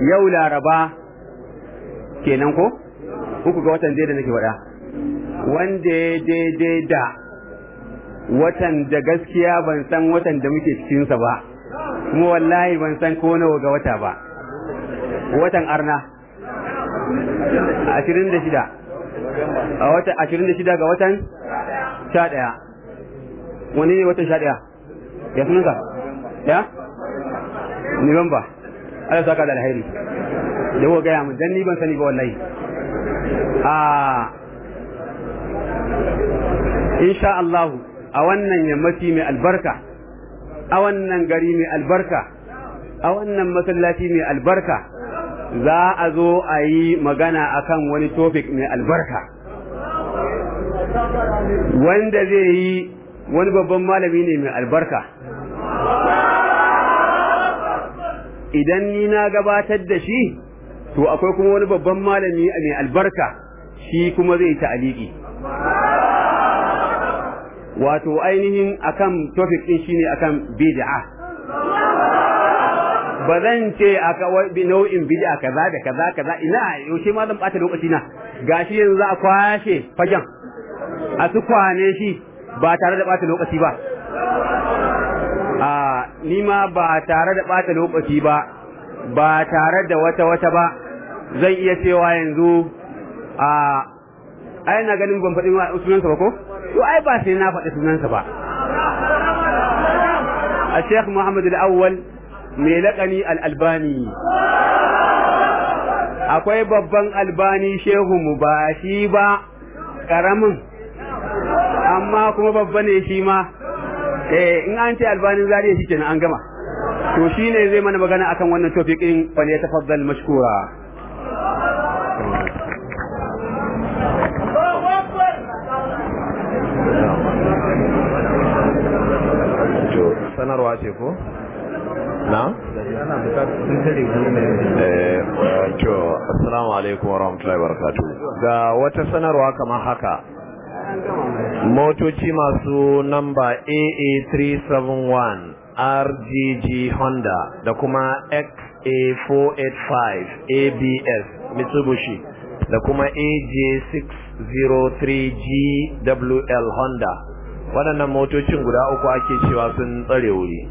yau laraba kenan ko uku ga watan da nake faɗa wanda ya daidai da watan da gaskiya ban san watan da muke cikinsa ba kuma wallahi ban san ko nawa ga wata ba watan arna ashirin da shida a watan ashirin da shida ga watan sha ɗaya wani ne watan sha ɗaya ya sunansa ya Nuwamba. Allah saka da alheri da ko gaya mun dan ni ban sani ba wallahi a insha Allah a wannan yammaci mai albarka a wannan gari mai albarka a wannan masallaci mai albarka za a zo a yi magana akan wani topic mai albarka wanda zai yi wani babban malami ne mai albarka idan ni na gabatar da shi to akwai kuma wani babban malami mai albarka shi kuma zai ta'aliki wato ainihin akan topic din shine akan bid'a ba zan ce aka bi nau'in bid'a kaza da kaza kaza ina yaushe ma zan bata lokaci na gashi yanzu za a kwashe fagen a su kwane shi ba tare da bata lokaci ba Ni ma ba tare da ɓata lokaci ba ba tare da wata wata ba zan iya cewa yanzu a ai na ganin ban faɗi sunansa ba ko to ai ba sai na faɗi sunansa ba a Sheikh Muhammad al-Awwal mai laƙani al-Albani akwai babban albani shehu mu ba shi ba ƙaramin amma kuma babba ne shi ma eh in an ce albanin zariya shi kenan an gama to shi ne zai mana magana akan wannan topic din fa ne tafaddal mashkura sanarwa ce ko na? Eh, assalamu alaikum wa rahmatullahi wa Ga wata sanarwa kamar haka motoci masu namba AA371 RGG Honda da kuma XA485 ABS Mitsubishi da kuma AJ603GWL Honda waɗannan motocin guda uku ake cewa sun tsare wuri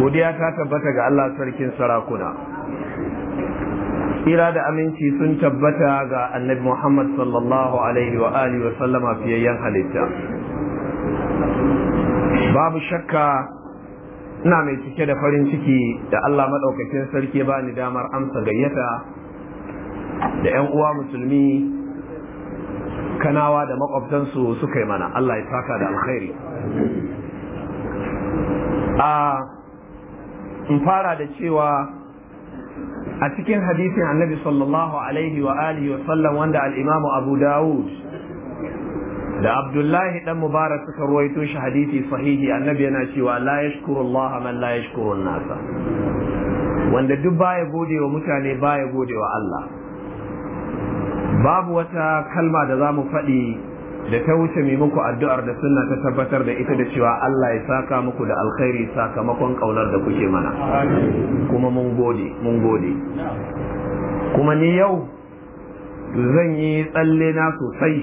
godiya ta tabbata ga Allah sarkin sarakuna tsira da aminci sun tabbata ga annabi Muhammad sallallahu alaihi wa alihi wa sallama fiyayyen halitta babu shakka ina mai cike da farin ciki da Allah maɗaukakin sarki ba ni damar amsa gayyata da 'yan uwa musulmi kanawa da makwabtansu suka yi mana Allah ya saka da alkhairi a ah, in fara da cewa a cikin hadisin annabi sallallahu alaihi wa alihi wa sallam wanda al-imamu abu dawud da abdullahi dan mubarak suka ruwaito shi hadisi sahihi annabi yana cewa la yashkuru allaha man la yashkuru nasa wanda duk baya gode wa mutane baya gode wa Allah babu wata kalma da za mu faɗi da ta wuce mai muku addu'ar da sunna ta tabbatar da ita da cewa Allah ya saka muku da alkhairi sakamakon ƙaunar da kuke mana kuma mun gode mun gode kuma ni yau zan yi tsalle na sosai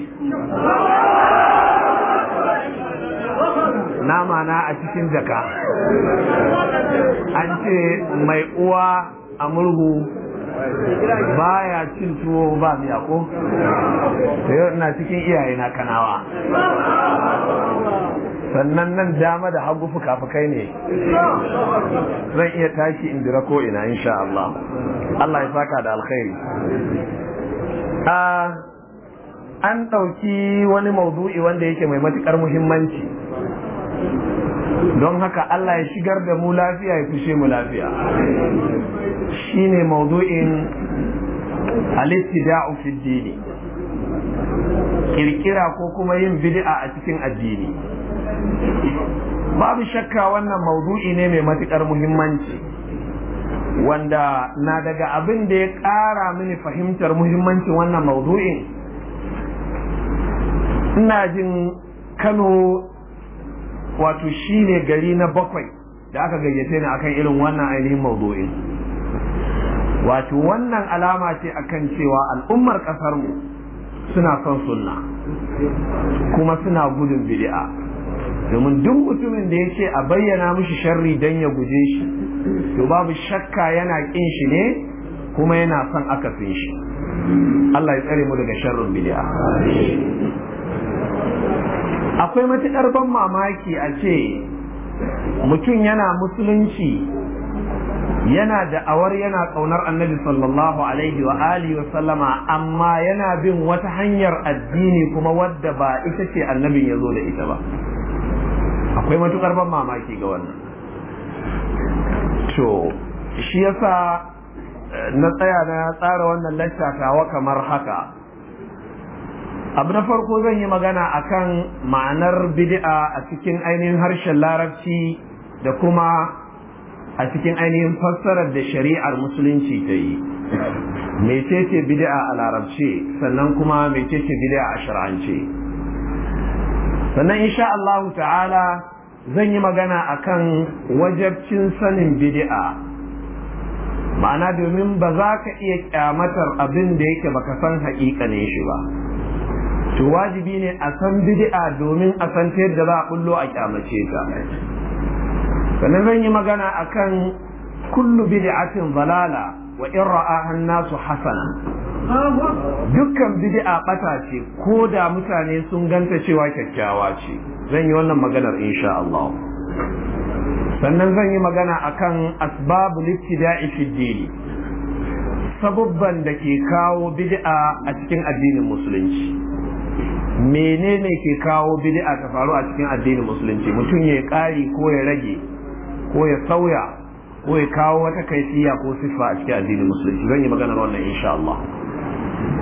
nama na a cikin jaka an ce mai uwa a murhu baya cin tuwo ba miya ko sai ina cikin iyaye na kanawa sannan nan dama da hagu fuka-fukai ne zan iya tashi in jira ko ina insha Allah Allah ya saka da alkhairi ah, an ɗauki wani maudu'i wanda yake mai matuƙar muhimmanci don haka Allah ya shigar da mu lafiya ya kushe mu lafiya shine maudu'in al-istida'u fi dini kirkira ko kuma yin bidi'a a cikin addini babu shakka wannan maudu'i ne mai matukar muhimmanci wanda na daga abin da ya ƙara mini fahimtar muhimmancin wannan maudu'in ina jin kano wato shi ne gari na bakwai da aka gayyace ni akan irin wannan ainihin mawdu'in wato wannan alama ce akan cewa al'ummar kasar mu suna son sunna kuma suna gudun bid'a domin duk mutumin da ya ce a bayyana mishi sharri dan ya guje shi to babu shakka yana kin shi ne kuma yana son aka fi shi Allah ya tsare mu daga sharrin bid'a akwai matuƙar ban mamaki a ce mutum yana musulunci yana da awar yana ƙaunar annabi sallallahu alaihi wa alihi wa sallama amma yana bin wata hanyar addini kuma wadda ba ita ce annabin ya zo da ita ba akwai matuƙar ban mamaki ga wannan to shi yasa eh, na tsaya na tsara wannan lacca tawa kamar haka abu na farko zan yi magana a kan ma'anar bid'a a cikin ainihin harshen larabci da kuma a cikin ainihin fassarar da shari'ar musulunci ta yi mecece bid'a a larabci sannan kuma mecece bid'a a shar'ance sannan insha Allah ta'ala zan yi magana a kan wajabcin sanin bidi'a, ma'ana domin ba za ka iya kyamatar abin da yake baka san haƙiƙa haƙiƙanin shi ba to wajibi ne a san bid'a domin a san ta yadda za a kullo a kyamace ta sannan zan yi magana akan kullu bid'atin zalala wa in ra'aha nasu hasana dukkan bid'a bata ce ko da mutane sun ganta cewa kyakkyawa ce zan yi wannan maganar insha Allah sannan zan yi magana akan asbabul ibtida'i fi dini sabubban da ke kawo bid'a a cikin addinin musulunci menene ke kawo bid'a ta faru a cikin addinin musulunci mutum ya ƙari ko ya rage ko ya sauya ko ya kawo wata kaifiya ko siffa a cikin addinin musulunci zan yi magana wannan insha Allah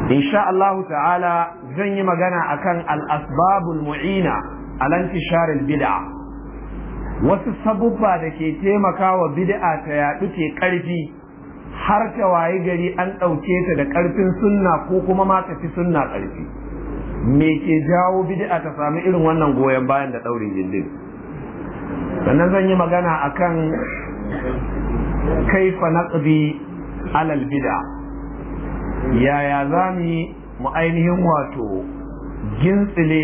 insha Allah ta'ala zan yi magana akan al-asbabul mu'ina ala intishar bid'a wasu sabubba da ke taimakawa bid'a ta ya ke ƙarfi har ta waye gari an ɗauke ta da ƙarfin sunna ko kuma ma ta fi sunna ƙarfi me ke jawo bid'a ta samu irin wannan goyon bayan da ɗaurin gindin sannan zan yi magana akan kaifa naqbi alal bid'a yaya za mu ainihin wato gintsile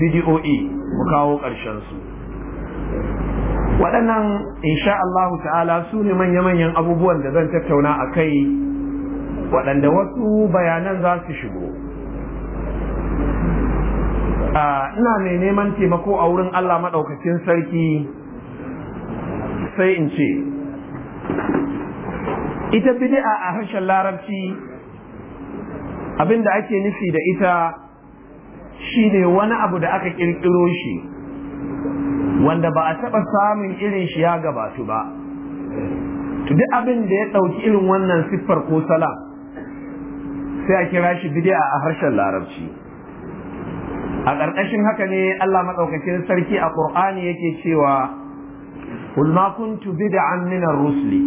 bid'o'i mu kawo ƙarshen su waɗannan insha Allah ta'ala su ne manya-manyan abubuwan da zan tattauna a kai waɗanda wasu bayanan za su shigo ina mai neman taimako a wurin Allah maɗaukacin sarki sai in ce ita bid'a a harshen larabci abinda ake nufi da ita shi ne wani abu da aka ƙirƙiro shi wanda ba a taɓa samun irin shi ya gabatu ba duk abin da ya ɗauki irin wannan siffar ko sala sai a kira shi bid'a a harshen larabci a ƙarƙashin haka ne Allah maɗaukakin sarki a ƙur'ani yake cewa kul ma kuntu bid'an min Rusli.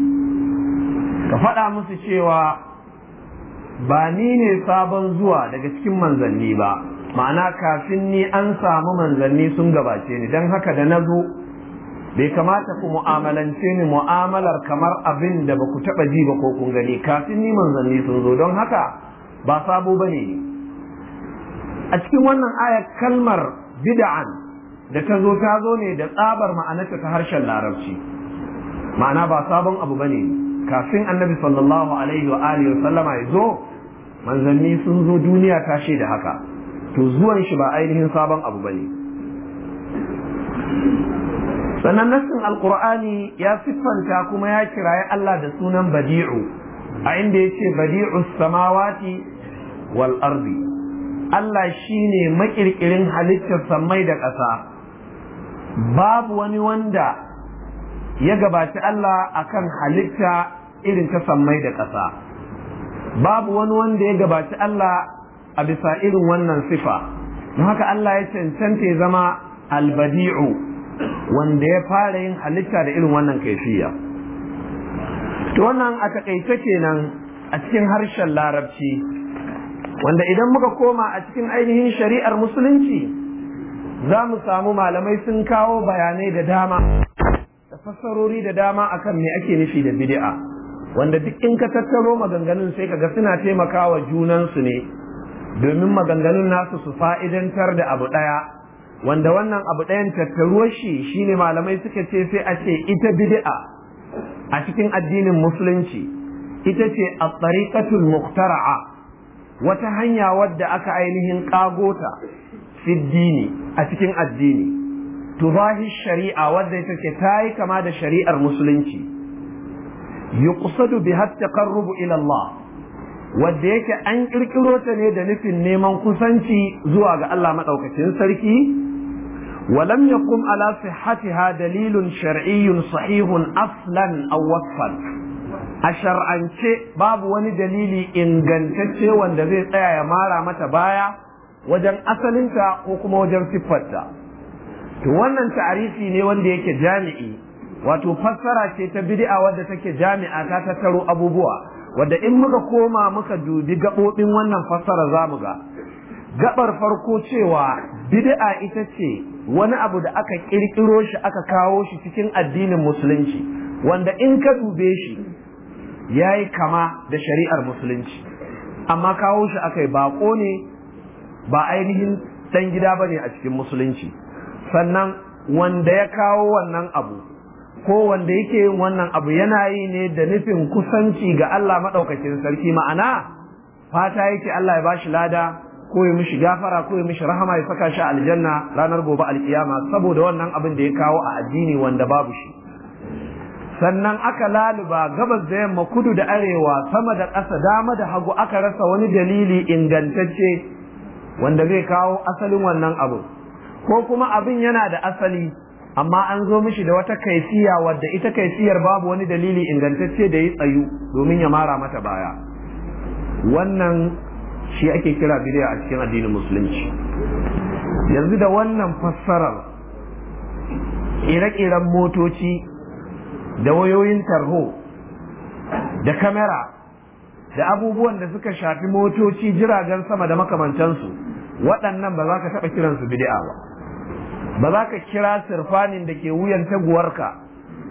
ka faɗa musu cewa ba ni ne sabon zuwa daga cikin manzanni ba ma'ana kafin ni an samu manzanni sun gabace ni don haka da na zo bai kamata ku mu'amalance ni mu'amalar kamar abin da ba ku taɓa ji ba ko kun gani kafin ni manzanni sun zo don haka ba sabo ba ne a cikin wannan ayar kalmar bid'an da ta zo ta zo ne da tsabar ma'anarta ta harshen larabci ma'ana ba sabon abu bane kafin annabi sallallahu alaihi wa alihi sallama ya zo manzanni sun zo duniya ta da haka to zuwan shi ba ainihin sabon abu bane sannan nassin alqur'ani ya siffanta kuma ya kiraye Allah da sunan badi'u a inda yace Badi'u samawati wal ardi Allah shi ne makirkirin halittar samai da ƙasa babu wani wanda ya gabaci Allah akan halitta irin ta sammai da ƙasa babu wani wanda ya gabaci Allah a bisa irin wannan sifa don haka Allah ya cancanta ya zama albadi'u wanda ya fara yin halitta da irin wannan kaifiya to wannan a taƙaice kenan a cikin harshen larabci wanda idan muka koma a cikin ainihin shari'ar musulunci za mu samu malamai sun kawo bayanai da dama da fassarori da dama akan me ake nufi da bid'a wanda duk in ka tattaro maganganun sai ga suna taimakawa junansu ne domin maganganun nasu su fa'idantar da abu ɗaya wanda wannan abu ɗayan tattaruwar shi shine malamai suka ce sai a ce ita bid'a a cikin addinin musulunci ita ce a tsarikatul muktara'a wata hanya wadda aka ainihin kagota fiddini a cikin addini tubahi shari'a wadda ita ce ta yi kama da shari'ar musulunci yuqsadu bi taqarrubu ila Allah wadda yake an kirkiro ta ne da nufin neman kusanci zuwa ga Allah madaukakin sarki ولم يقم على صحتها دليل شرعي صحيح aflan أو وصفا a shar'ance babu wani dalili ingantacce wanda zai tsaya ya mara mata baya wajen asalinta ko kuma wajen siffarta to wannan ta'arifi ne wanda yake jami'i wato fassara ce ta bid'a wadda take jami'a ta tattaro abubuwa wadda in muka koma muka dubi gaɓoɓin wannan fassara za mu ga gaɓar farko cewa bid'a ita ce wani abu da aka ƙirƙiro shi aka kawo shi cikin addinin musulunci wanda in ka dube shi ya yi kama da shari'ar musulunci amma kawo shi akai bako ne ba ainihin dan gida ba ne a cikin musulunci sannan wanda ya kawo wannan abu ko wanda yake yin wannan abu yana yi ne da nufin kusanci ga Allah maɗaukakin sarki ma'ana fata yake Allah ya bashi lada ko ya mishi gafara ko ya mishi rahama ya saka shi aljanna ranar gobe alkiyama saboda wannan abin da ya kawo a addini wanda babu shi sannan aka laluba gabas da yamma kudu da arewa sama da ƙasa dama da hagu aka rasa wani dalili ingantacce wanda zai kawo asalin wannan abu ko kuma abin yana da asali amma an zo mishi da wata kaifiya wadda ita kaifiyar babu wani dalili ingantacce da ya tsayu domin ya mara mata baya wannan shi ake kira bidiya a cikin addinin musulunci yanzu da wannan fassarar ire-iren motoci da wayoyin tarho da kamera da abubuwan da suka shafi motoci jiragen sama da makamantansu waɗannan ba za ka taɓa kiransu bid'a ba ba za ka kira sirfanin da ke wuyan taguwarka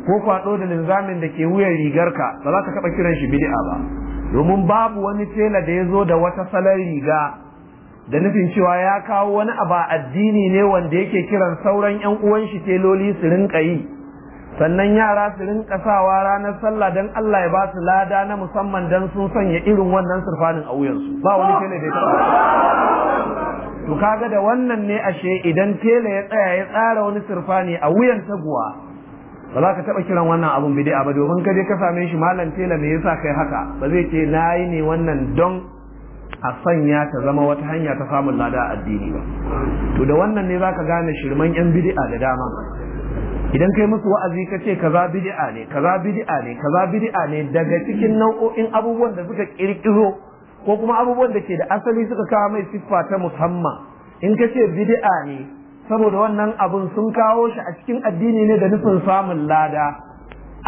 ko kwaɗo da linzamin da ke wuyan rigarka ba za ka taɓa kiran shi bid'a ba domin babu wani tela da ya zo da wata salon riga da nufin cewa ya kawo wani abu addini ne wanda yake kiran sauran 'yan uwan shi teloli su rinka yi sannan yara su rinka sawa ranar sallah dan Allah ya ba su lada na musamman dan sun sanya irin wannan surfanin a wuyansu ba wani kene oh. da to kaga da wannan ne ashe idan tele ya tsaya ya tsara wani surfani a wuyan taguwa ba za ka taba kiran wannan abun bid'a ba domin ka je ka same shi malam tela me yasa kai haka ba zai ce nayi ne wannan don a sanya ta zama wata hanya ta samun lada a addini ba to da wannan ne zaka gane shirman yan bid'a da dama idan kai musu wa'azi ka ce kaza bid'a ne kaza bid'a ne kaza bid'a ne daga cikin nau'o'in abubuwan da suka kirkiro ko kuma abubuwan da ke da asali suka kawo mai siffa ta musamman in ka ce bid'a ne saboda wannan abun sun kawo shi a cikin addini ne da nufin samun lada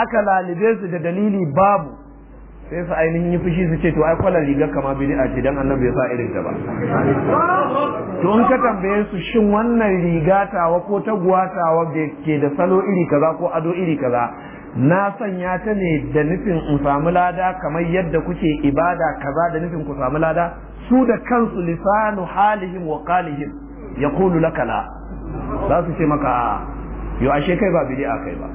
aka lalibe su da dalili babu sai su ainihin yi fushi su ce to ai kwalar rigar kama bid'a ce dan annabi ya sa irin ta ba to in ka tambaye su shin wannan riga tawa ko ta da ke da salo iri kaza ko ado iri kaza na sanya ta ne da nufin in samu lada kamar yadda kuke ibada kaza da nufin ku samu lada su da kansu lisanu halihim wa qalihim yaqulu laka la za su ce maka yo ashe kai ba bid'a kai ba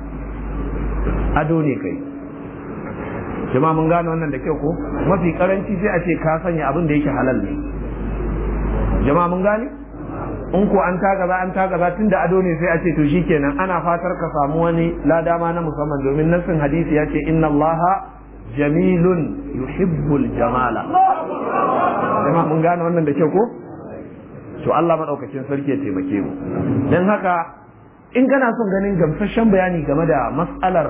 ado ne kai jama'a mun gane wannan da kyau ko mafi karanci sai a ce ka sanya abin da yake halal ne jama'a mun gane in ko an tagaza an tagaza tun da ado ne sai a ce to shikenan ana fatar ka samu wani ladama na musamman domin nassin hadisi ya ce inna allaha jamilun yuhibbul jamala jama'a mun gane wannan da kyau ko to Allah madaukakin sarki ya taimake mu dan haka in kana son ganin gamsasshen bayani game da matsalar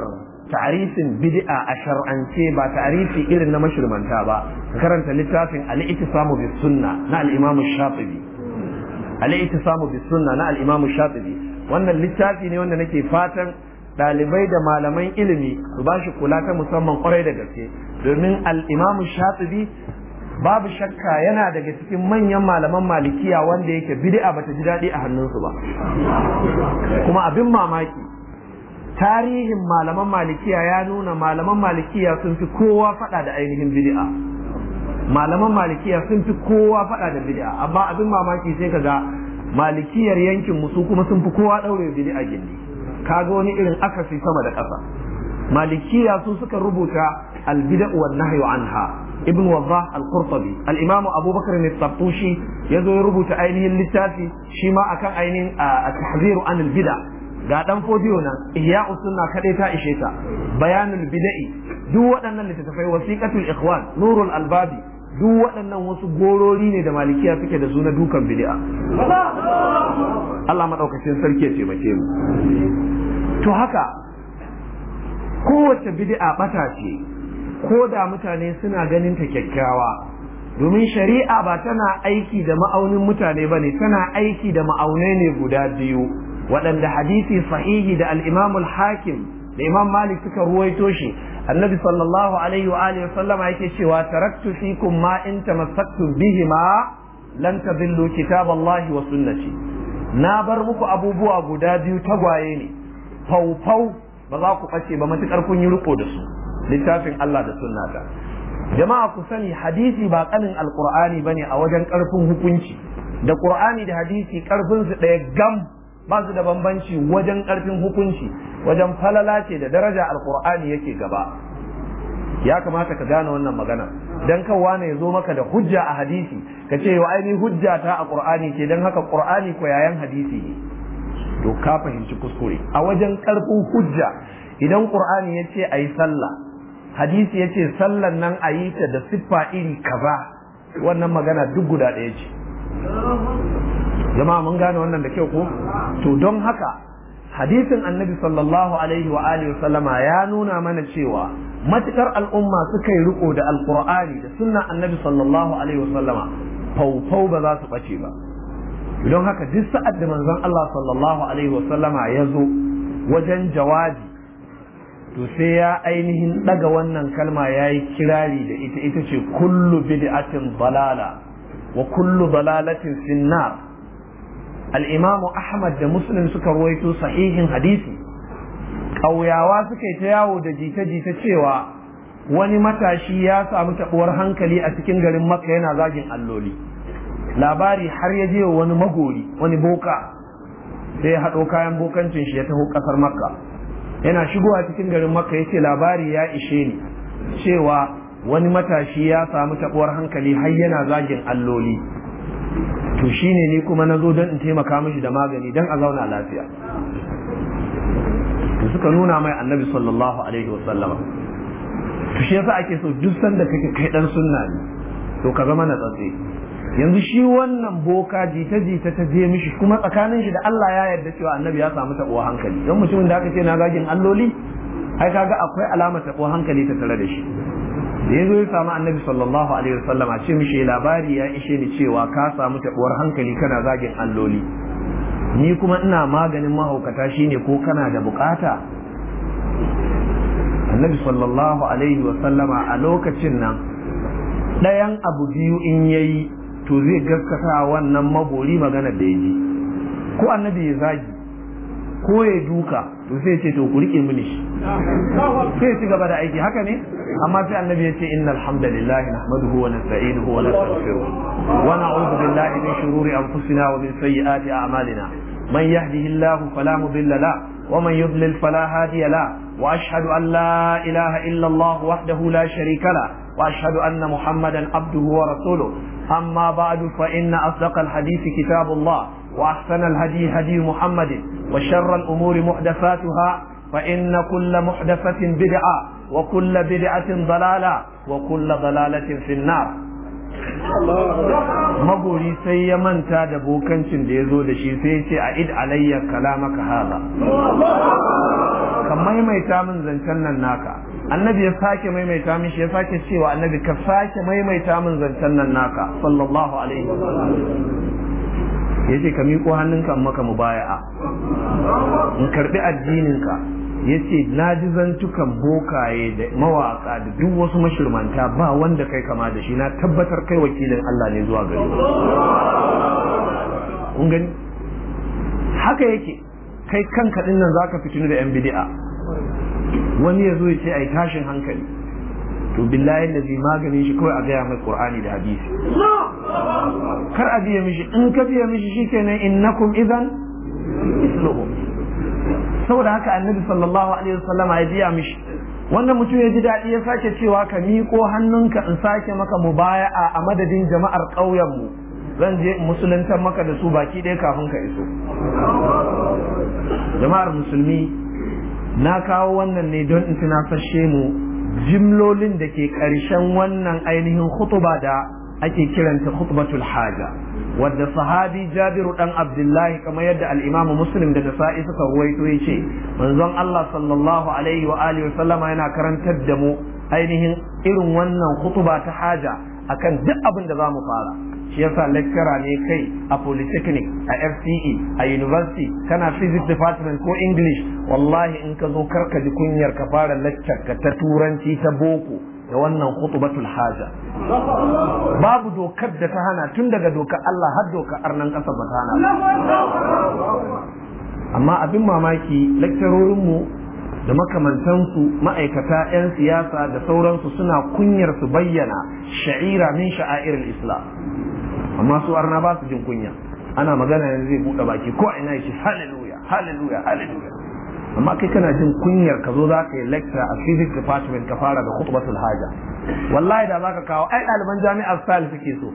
ta'arifin bid'a a shar'ance ba ta'arifi irin na mashirmanta ba ka karanta littafin al-ittisamu sunna na al-imam shafi'i al sunna na al-imam wannan littafi ne wanda nake fatan dalibai da malaman ilimi su ba shi kula ta musamman kwarai da gaske domin al-imam babu shakka yana daga cikin manyan malaman malikiya wanda yake bid'a bata ji daɗi a hannunsu ba kuma abin mamaki tarihin malaman malikiya ya nuna malaman malikiya sun fi kowa fada da ainihin bid'a malaman malikiya sun fi kowa fada da bid'a amma abin mamaki sai kaga malikiyar yankin musu kuma sun fi kowa daure bid'a gindi kaga wani irin akasi sama da ƙasa malikiya su suka rubuta albida wan nahyu anha ibn wadah al-qurtubi al-imamu abubakar ne ya yazo ya rubuta ainihin littafi shi ma akan ainihin a ah, tahziru an bida ga dan fodiyo nan ihya usunna kaɗai ta ishe ta bayanul bida'i duk waɗannan littattafai wasiqatul ikhwan nurul albabi duk waɗannan wasu gorori ne da malikiya suke da su dukan bid'a Allah madaukakin sarki ya ce taimake mu to haka kowace bid'a bata ce ko da mutane suna ganin ta kyakkyawa domin shari'a ba tana aiki da ma'aunin mutane bane tana aiki da ma'aunai ne guda biyu waɗanda hadisi sahihi da al'imamul hakim da imam malik suka ruwaito shi annabi sallallahu alaihi wa alihi sallama yake cewa taraktu fikum ma in tamassaktum bihima lan tadillu kitaballahi wa sunnati na bar muku abubuwa guda biyu tagwaye ne faufau ba za ku ɓace ba matukar kun yi riko da su littafin Allah da sunnata jama'a ku sani hadisi ba kanin alqur'ani bane a wajen karfin hukunci da qur'ani da hadisi karfin su ɗaya gam ba su da bambanci wajen ƙarfin hukunci wajen falala ce da daraja alkur'ani yake gaba ya kamata ka gane wannan magana dan kawwa ne ya zo maka da hujja a hadisi ka ce wa ainihin hujja ta a qur'ani ce dan haka qur'ani ko yayan hadisi ne to ka fahimci kuskure a wajen ƙarfin hujja idan qur'ani ya ce ayi sallah hadisi ya ce sallan nan a yi ta da siffa iri kaza wannan magana duk guda ɗaya ce jama'a mun gane wannan da kyau ko to don haka hadisin annabi sallallahu alaihi wa alihi sallama ya nuna mana cewa matukar al'umma suka yi riko da alqur'ani da sunna annabi sallallahu alaihi wa sallama faufau ba za su bace ba don haka duk sa'ad da manzon Allah sallallahu alaihi wa sallama ya zo wajen jawabi to sai ya ainihin daga wannan kalma ya yi kirari da ita ita ce kullu bid'atin balala wa kullu balalatin finnar al'imamu ahmad da muslim suka ruwaito sahihin hadisi ƙauyawa suka yi ta yawo da jita-jita cewa wani matashi ya samu taɓuwar hankali a cikin garin makka yana zagin alloli labari har ya je wani magori wani boka sai ya haɗo kayan bokancin shi ya taho ƙasar makka yana shigo a cikin garin makka ya ce labari ya ishe ni cewa wani matashi ya samu taɓuwar hankali har yana zagin alloli to ne ni kuma na zo don in taimaka mishi da magani don a zauna lafiya to suka nuna mai annabi sallallahu alaihi wasallama to shi yasa ake so duk sanda kake kai dan sunna ne to ka zama na tsatse yanzu shi wannan boka jita jita ta je mishi kuma tsakanin shi da Allah ya yarda cewa annabi ya samu tabuwa hankali don mutumin da aka ce na gagin alloli ai kaga akwai alama tabuwa hankali ta tare da shi da ya ya samu annabi sallallahu alaihi wasallam a ce mishi labari ya ishe ni cewa ka samu tabuwar hankali kana zagin alloli ni kuma ina maganin mahaukata shine ko kana da bukata annabi sallallahu alaihi wasallama a lokacin nan ɗayan abu biyu in yayi to zai gaskata wannan magori magana da ya ko annabi ya zagi ko ya duka to sai ce to ku rike mini shi sai ci gaba da aiki haka ne amma sai annabi ya ce inna alhamdulillahi nahmaduhu wa nasta'inuhu wa nastaghfiruh wa na'udhu billahi min shururi anfusina wa min sayyiati a'malina man yahdihillahu fala mudilla la wa man yudlil fala hadiya la wa ashhadu an la ilaha illa Allah wahdahu la sharika la wa ashhadu anna Muhammadan abduhu wa rasuluh amma ba'du fa inna asdaqal hadisi kitabullah wa ahsanal hadi hadi Muhammadin wa sharral umuri muhdathatuha فإن كل محدثة بدعة وكل بدعة ضلالة وكل ضلالة في النار magori sai ya manta da bokancin da ya zo da shi sai ce a id alayya kalamaka haza ka maimaita min zancen nan naka annabi ya sake maimaita min shi ya sake cewa annabi ka sake maimaita min zancen nan naka sallallahu alaihi ya ce ka miƙo hannunka maka mubaya'a in karɓi addininka Ya ce yace zantukan bokaye da mawaƙa da duk wasu mashirmanta ba wanda kai kama da shi na tabbatar kai wakilin Allah ne zuwa gari kun gani haka yake kai kanka kaɗin nan zaka fitinu da yan bidi'a wani ya zo ya ce ai tashin hankali to billahi zai maganin shi kawai a gaya mai qur'ani da hadisi kar a biya mishi in ka biya mishi shikenan innakum idan misluhum saboda haka annabi sallallahu alaihi wasallam ya biya mishi wannan mutum ya ji daɗi ya sake cewa ka miƙo hannunka in sake maka mubaya'a a madadin jama'ar ƙauyen mu zan je musuluntar maka da su baki ɗaya kafin ka iso jama'ar musulmi na kawo wannan ne don in fashe mu jimlolin da ke ƙarshen wannan ainihin khutuba da ake kiranta khutbatul haja Wanda sahabi jabiru dan abdullahi kamar yadda al'imamu muslim da nasa'i suka ruwaito ya ce manzon Allah sallallahu alaihi wa alihi sallama yana karantar da mu ainihin irin wannan hutuba ta haja akan duk abin da zamu fara shi yasa lecturer ne kai a polytechnic a FCE a university kana physics department ko english wallahi in ka zo karka ji kunyar ka fara lecture ka ta turanci ta boko da wannan khutbatul haja babu dokar da ta hana tun daga dokar Allah har dokar arnan kasa ba ta hana amma abin mamaki mu da su ma'aikata 'yan siyasa da sauransu suna kunyar su bayyana sha'ira min sha'airul islam amma su arna ba su jin kunya ana magana yanzu zai buɗe baki ko ina ya hallelujah hallelujah hallelujah amma kai kana jin kunyar ka zo za ka yi lecture a physics department ka fara da khutbatul haja wallahi da zaka kawo ai ɗaliban jami'ar style suke so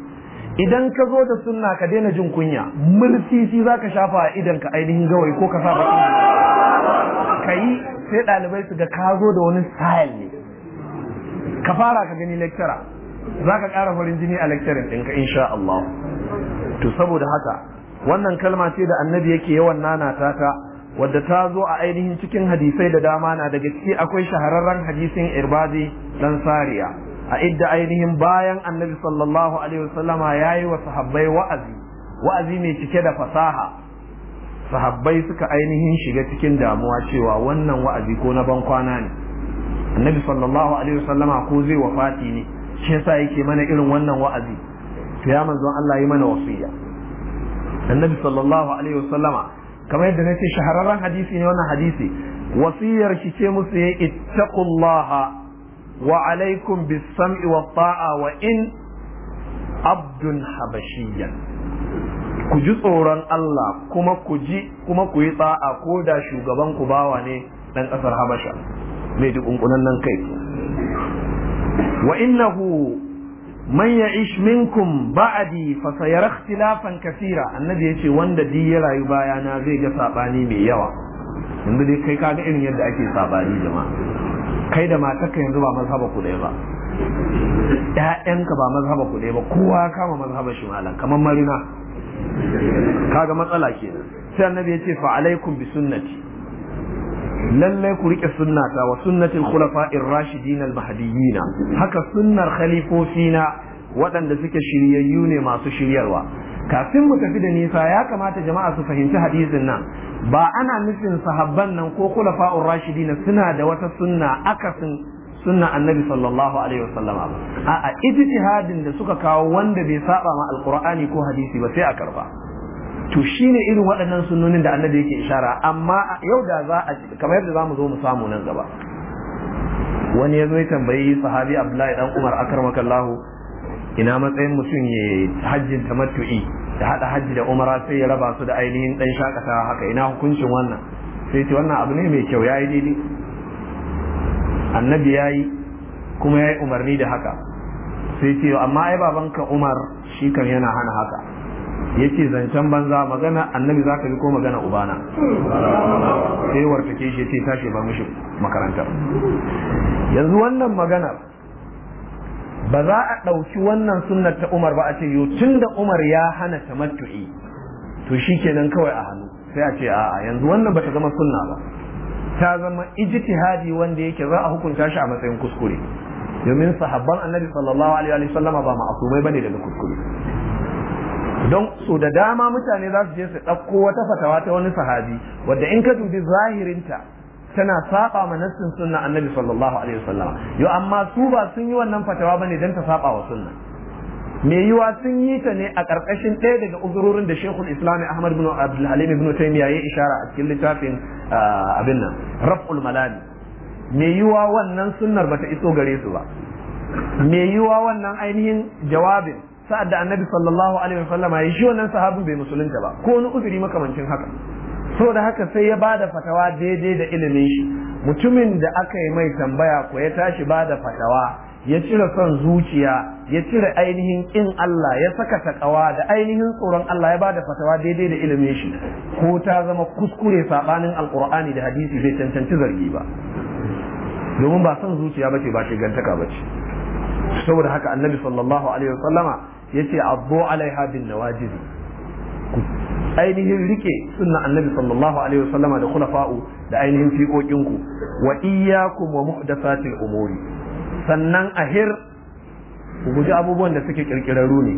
idan ka zo da sunna ka daina jin kunya murtisi za ka shafa a idan ka ainihin gawai ko ka saba ka yi sai ɗalibai su ga ka zo da wani style ne ka fara ka gani lecturer za ka ƙara farin jini a lecturing ɗinka insha Allah to saboda haka wannan kalma ce da annabi yake yawan nanata ta wadda ta zo a ainihin cikin hadisai da dama na daga ciki akwai shahararren hadisin Irbadi dan sariya a idda ainihin bayan annabi sallallahu alaihi wasallama yi wa sahabbai wa'azi wa'azi mai cike da fasaha sahabbai suka ainihin shiga cikin damuwa cewa wannan wa'azi ko na ban kwana ne annabi sallallahu alaihi wasallama ko zai wafati ne shi yasa yake mana irin wannan wa'azi to ya manzon Allah yi mana wasiya annabi sallallahu alaihi wasallama kamar yadda nace shahararren hadisi ne wannan hadisi wasiyar shi ce musu ya ittaqullaha wa alaikum bis sam'i wa ta'a wa in abdun habashiyyan ku ji tsoron Allah kuma ku ji kuma ku yi ta'a ko da shugaban ku bawa ne dan kasar Habasha mai dukunkunan nan kai wa innahu man ya ish minkum ba'adi fa sayara ikhtilafan kaseera annabi yace wanda di ya rayu baya na zai ga sabani mai yawa yanzu dai kai kaga irin yadda ake sabani jama'a kai da matarka yanzu ba mazhaba ku dai ba ƴaƴanka ba mazhaba ku dai ba kowa kama mazhaba shi malam kamar marina kaga matsala kenan sai annabi yace fa alaikum bi sunnati lallai ku rike sunnata wa sunnatil khulafa'ir rashidin al-mahdiyyin haka sunnar khalifofina waɗanda suke shiryayyu ne masu shiryarwa kafin mu tafi da nisa ya kamata jama'a su fahimci hadisin nan ba ana nufin sahabban nan ko khulafa'ur rashidin suna da wata sunna akasin sunna annabi sallallahu alaihi wasallama ba a ijtihadin da suka kawo wanda bai saba ma alqur'ani ko hadisi ba sai a karba to shi ne irin waɗannan sunnonin da annabi yake ishara amma yau da za a kamar yadda za mu zo mu samu nan gaba wani ya zo ya tambayi sahabi abdullahi dan umar akramaka allah ina matsayin mutum ya hajjin tamattu'i da hada hajji da umara sai ya raba su da ainihin dan shakatawa haka ina hukuncin wannan sai ce wannan abu ne mai kyau yayi daidai annabi yayi kuma yayi umarni da haka sai ce amma ai babanka umar shi kan yana hana haka yace zancen banza magana annabi zaka bi ko magana ubana sai wartake shi yace tashi ba mishi makaranta yanzu wannan magana ba za a ɗauki wannan sunnar ta Umar ba a ce yo tun da Umar ya hana tamattu'i to shikenan kawai a hannu sai a ce a'a yanzu wannan ba ta zama sunna ba ta zama ijtihadi wanda yake za a hukunta shi a matsayin kuskure domin sahabban annabi sallallahu alaihi wa sallama ba ma'asumai bane daga kuskure don so da dama mutane za su je su ɗauko wata fatawa ta wani sahabi wadda in ka dubi zahirinta tana saba ma nassin sunna annabi sallallahu alaihi wasallam yo amma su ba sun yi wannan fatawa bane dan ta saba wa sunna me yiwa sun yi ta ne a karkashin ɗaya daga uzurorin da Sheikhul Islam Ahmad bin Abdul Halim ibn Taymiya ya ishara a cikin littafin ah, abin nan Raf'ul Malali me yiwa wannan sunnar bata iso gare su ba me yiwa wannan ainihin jawabin sa'ad da annabi sallallahu alaihi wasallam ya shi wannan sahabin bai musulunta ba ko wani uzuri makamancin haka so da haka sai ya bada fatawa daidai da ilimin shi mutumin da aka yi mai tambaya ko ya tashi bada fatawa ya cire son zuciya ya cire ainihin kin Allah ya saka takawa da ainihin tsoron Allah ya bada fatawa daidai da ilimin shi ko ta zama kuskure sabanin alqur'ani da hadisi bai cancanci zargi ba domin ba son zuciya bace ba shigantaka bace saboda haka annabi sallallahu alaihi wasallama yace abdu alaiha bin nawajib ainihin rike sunna annabi sallallahu alaihi wasallama da khulafa'u da ainihin fiƙoƙin ku wa iyyakum wa muhdathatil umuri sannan ahir ku guji abubuwan da suke kirkirarru ne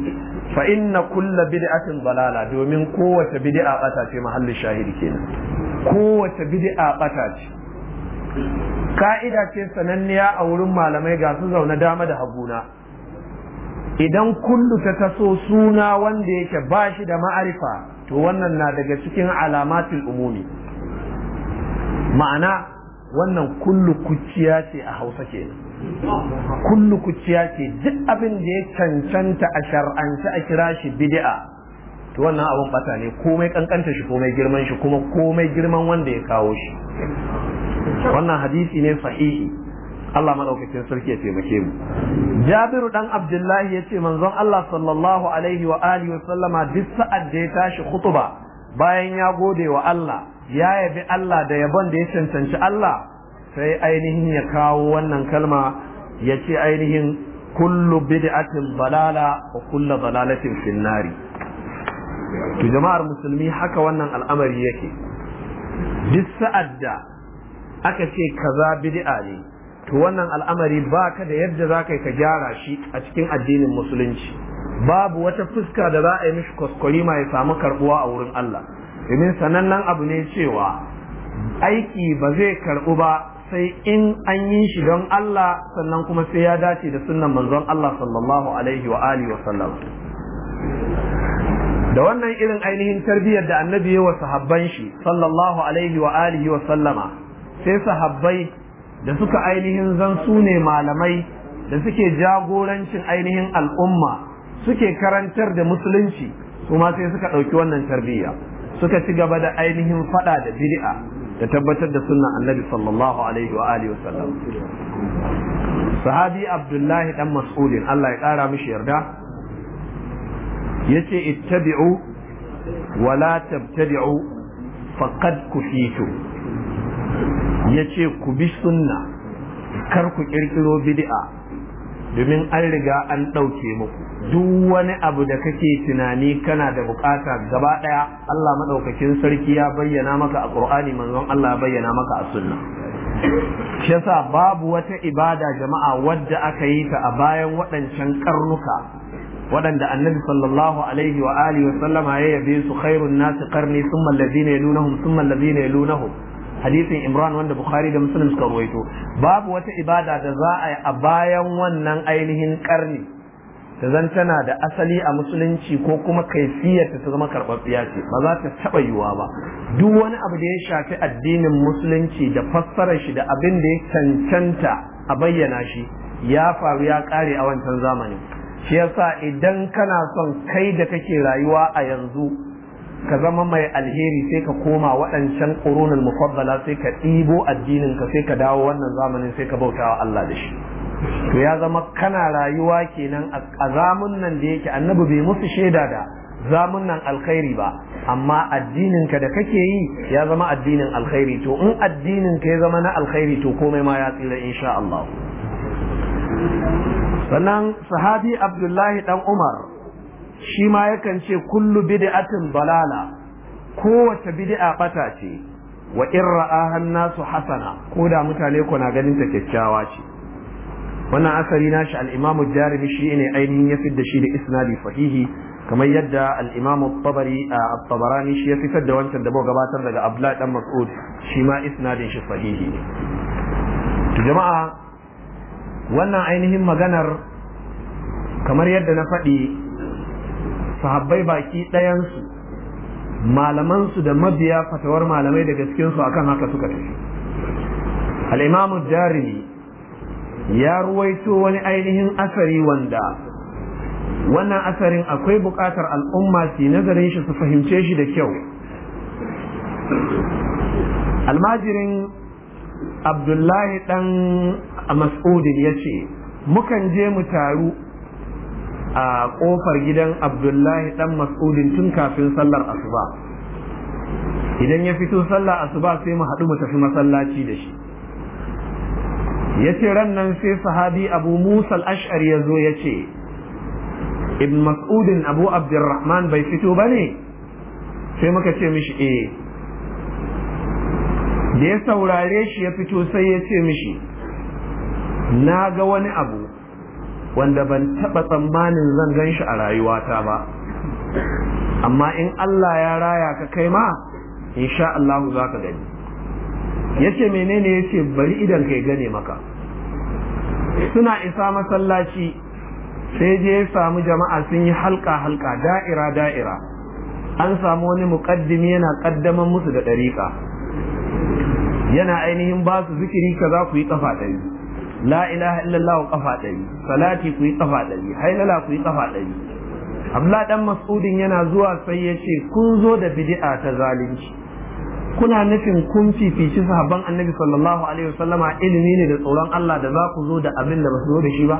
fa inna kulla bid'atin dalala domin kowace bid'a bata ce mahallin shahidi kenan kowace bid'a bata ce ka'ida ce sananniya a wurin malamai ga su zaune dama da haguna idan kullu ta taso suna wanda yake ba shi da ma'arifa to wannan na daga cikin alamatul umumi ma'ana wannan kullu kuciya ce a hausa ke kullu kuciya ce duk abin da ya cancanta a sharanci a kira shi bid'a to wannan abin bata ne komai kankanta shi komai girman shi kuma komai girman wanda ya kawo shi wannan hadisi ne sahihi Allah madaukakin sarki ya taimake mu Jabiru dan Abdullahi ya ce manzon Allah sallallahu alaihi wa alihi wa sallama duk sa'ad da ya tashi khutba bayan ya gode wa Allah ya yabi Allah da yabon da ya cancanci Allah sai ainihin ya kawo wannan kalma ya ce ainihin kullu bid'atin balala wa kullu fin finnari to jama'ar musulmi haka wannan al'amari yake duk sa'ad da aka ce kaza bid'a ne to wannan al'amari ba ka da yadda za ka yi ka gyara shi a cikin addinin musulunci babu wata fuska da za a yi mishi ma ya samu karbuwa a wurin Allah domin sanannen abu ne cewa aiki ba zai karbu ba sai in an yi shi don Allah sannan kuma sai ya dace da sunan manzon Allah sallallahu alaihi wa alihi wa sallam da wannan irin ainihin tarbiyyar da annabi ya wa sahabban shi sallallahu alaihi wa alihi wa sallama sai sahabbai da suka ainihin zan su ne malamai da suke jagorancin ainihin al'umma suke karantar da musulunci su ma sai suka ɗauki wannan tarbiyya suka ci gaba da ainihin faɗa da bid'a da tabbatar da sunnan annabi sallallahu alaihi wa alihi wasallam sahabi abdullahi dan mas'udin Allah ya ƙara mishi yarda yace ittabi'u wa la tabtadi'u faqad kufitu ya ce ku bi sunna kar ku kirkiro bid'a domin an riga an ɗauke muku duk wani abu da kake tunani kana da bukata gaba ɗaya Allah maɗaukakin sarki ya bayyana maka a ƙur'ani manzon Allah ya bayyana maka a sunna shi yasa babu wata ibada jama'a wadda aka yi ta a bayan waɗancan karnuka waɗanda annabi sallallahu alaihi wa alihi wa sallama ya yabe su khairun nasi qarni thumma alladhina yalunahum thumma alladhina yalunahum hadisin imran wanda bukhari da muslim suka ruwaito babu wata ibada da za a yi a bayan wannan ainihin karni ta zan tana da asali a musulunci ko kuma kaifiyar ta zama karɓaɓɓiya ce ba za ta taɓa yiwuwa ba duk wani abu da ya shafi addinin musulunci da fassarar shi da abin da ya cancanta a bayyana shi ya faru ya kare a wancan zamani. shi yasa idan kana son kai da kake rayuwa a yanzu ka zama mai alheri sai ka koma waɗancan ƙurunin mufaddala sai ka ɗibo addinin ka sai ka dawo wannan zamanin sai ka bautawa Allah da shi to ya zama kana rayuwa kenan a zamun nan da yake annabi bai musu shaida da zamun nan alkhairi ba amma addininka da kake yi ya zama addinin alkhairi to in addininka ya zama na alkhairi to komai ma ya tsira insha Allah sannan sahabi Abdullahi dan Umar shi ma yakan ce kullu bid'atin balala kowace bid'a bata ce wa in ra'aha nasu hasana ko da mutane ko na ganin ta kyakkyawa ce wannan asari nashi al-Imam jarimi shi ne ainihin ya da shi da isnadi sahihi kamar yadda al-Imam tabari tabarani shi ya fitar da wancan da gabatar daga Abdullah dan Mas'ud shi ma isnadin shi sahihi to jama'a wannan ainihin maganar kamar yadda na faɗi sahabbai baki ɗayansu malamansu da mabiya fatawar malamai daga su akan haka suka tafi al'imamu jarimi ya ruwaito wani ainihin asari wanda wannan asarin akwai buƙatar al'umma su nazarin shi su fahimce shi da kyau almajirin abdullahi ɗan mas'udin ya ce mukan je mu taru a kofar gidan abdullahi dan mas'udin tun kafin sallar asuba idan ya fito sallar asuba sai mu haɗu mu tafi masallaci da shi ya ce nan sai sahabi abu musa al-ash'ari ya zo ya ce ibn mas'udin abu abdurrahman bai fito ba ne sai muka ce mishi eh da ya saurare shi ya fito sai ya ce mishi na ga wani abu wanda ban taɓa tsammanin zan gan shi a rayuwata ba amma in Allah ya raya ka kai ma insha Allah za ka gani yace menene yace bari idan kai gane maka suna isa masallaci sai je ya samu jama'a sun yi halka halka da'ira da'ira an samu wani muƙaddimi yana ƙaddaman musu da ɗariƙa yana ainihin ba su zikiri za ku yi ƙafa ɗari la ilaha illallah kafa ɗari salati ku yi kafa ɗari hailala ku yi kafa ɗari abla dan mas'udin yana zuwa sai ya ce kun zo da bid'a ta zalunci kuna nufin kun fifici sahabban annabi sallallahu alaihi wasallama ilimi ne da tsoron Allah da za ku zo da abin da ba zo da shi ba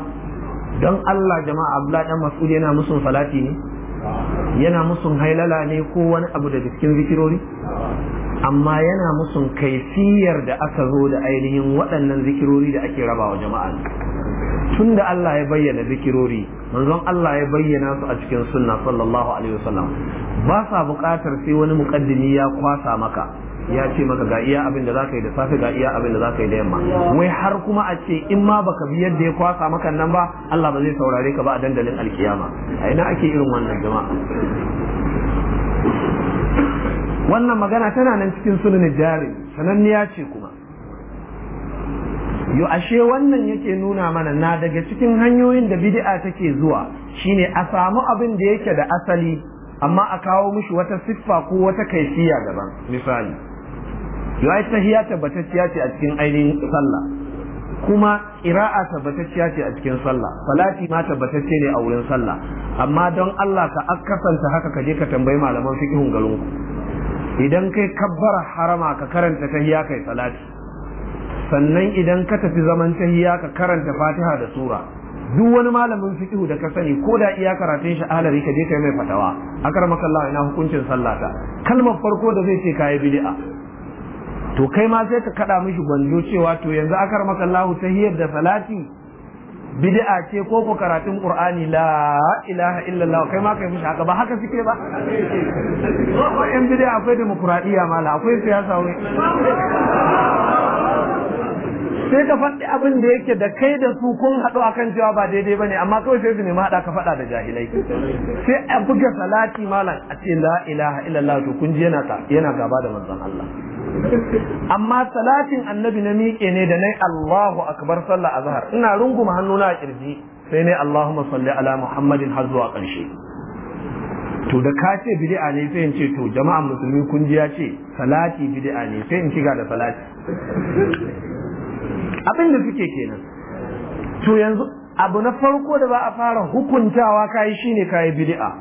don Allah jama'a abla dan mas'ud yana musun salati ne yana musun hailala ne ko wani abu da cikin zikirori amma yana musun kaifiyar da aka zo da ainihin waɗannan zikirori da ake raba wa jama'a tun da Allah ya bayyana zikirori manzon Allah ya bayyana su a cikin sunna sallallahu alaihi wasallam ba sa buƙatar sai wani muƙaddimi ya kwasa maka ya ce maka ga iya abin da zaka yi da safe ga iya abin da zaka yi da yamma wai har kuma a ce in ma baka bi yadda ya kwasa maka nan ba Allah ba zai saurare ka ba a dandalin alkiyama a ina ake irin wannan jama'a wannan magana tana nan cikin sunan jari sananniya ce kuma yo ashe wannan yake nuna mana na daga cikin hanyoyin da bid'a take zuwa shine a samu abin da yake da asali amma a kawo mishi wata siffa ko wata kaifiya daban misali yo ai tahiyya tabbatacciya ce a cikin ainihin sallah kuma Iraa tabbatacciya ce a cikin sallah salati ma tabbatacce ne a wurin sallah amma don Allah ka akasanta haka ka je ka tambayi malaman fiqhun garinku idan kai kabbar harama ka karanta ta tahiya kai salati sannan idan ka tafi zaman ta tahiya ka karanta fatiha da sura duk wani malamin fiqhu da ka sani ko da iya karatun shi alari ka je kai mai fatawa akar makallahu ina hukuncin sallata kalmar farko da zai ce kai bid'a to kai ma sai ka kada mishi gwanjo cewa to yanzu akar makallahu tahiyar da salati bid'a ce ko ku karatun qur'ani la ilaha illallah kai ma kai mushi haka ba haka suke ba ko in bid'a akwai demokradiya mala akwai siyasa wai sai ka faɗi abin da yake da kai da su kun haɗu akan cewa ba daidai bane amma kawai sai su nemi haɗa ka faɗa da jahilai sai a buga salati malam a ce la ilaha illallah to kun ji yana yana gaba da manzon Allah amma salatin annabi na miƙe ne da nai Allahu akbar sallah azhar ina runguma hannuna a kirji sai ne Allahumma salli ala Muhammadin har zuwa ƙarshe to da ka ce bid'a ne sai in ce to jama'an musulmi kun ji ya ce salati bid'a ne sai in shiga da salati abin da suke kenan to yanzu abu na farko da ba a fara hukuntawa kayi shine kayi bid'a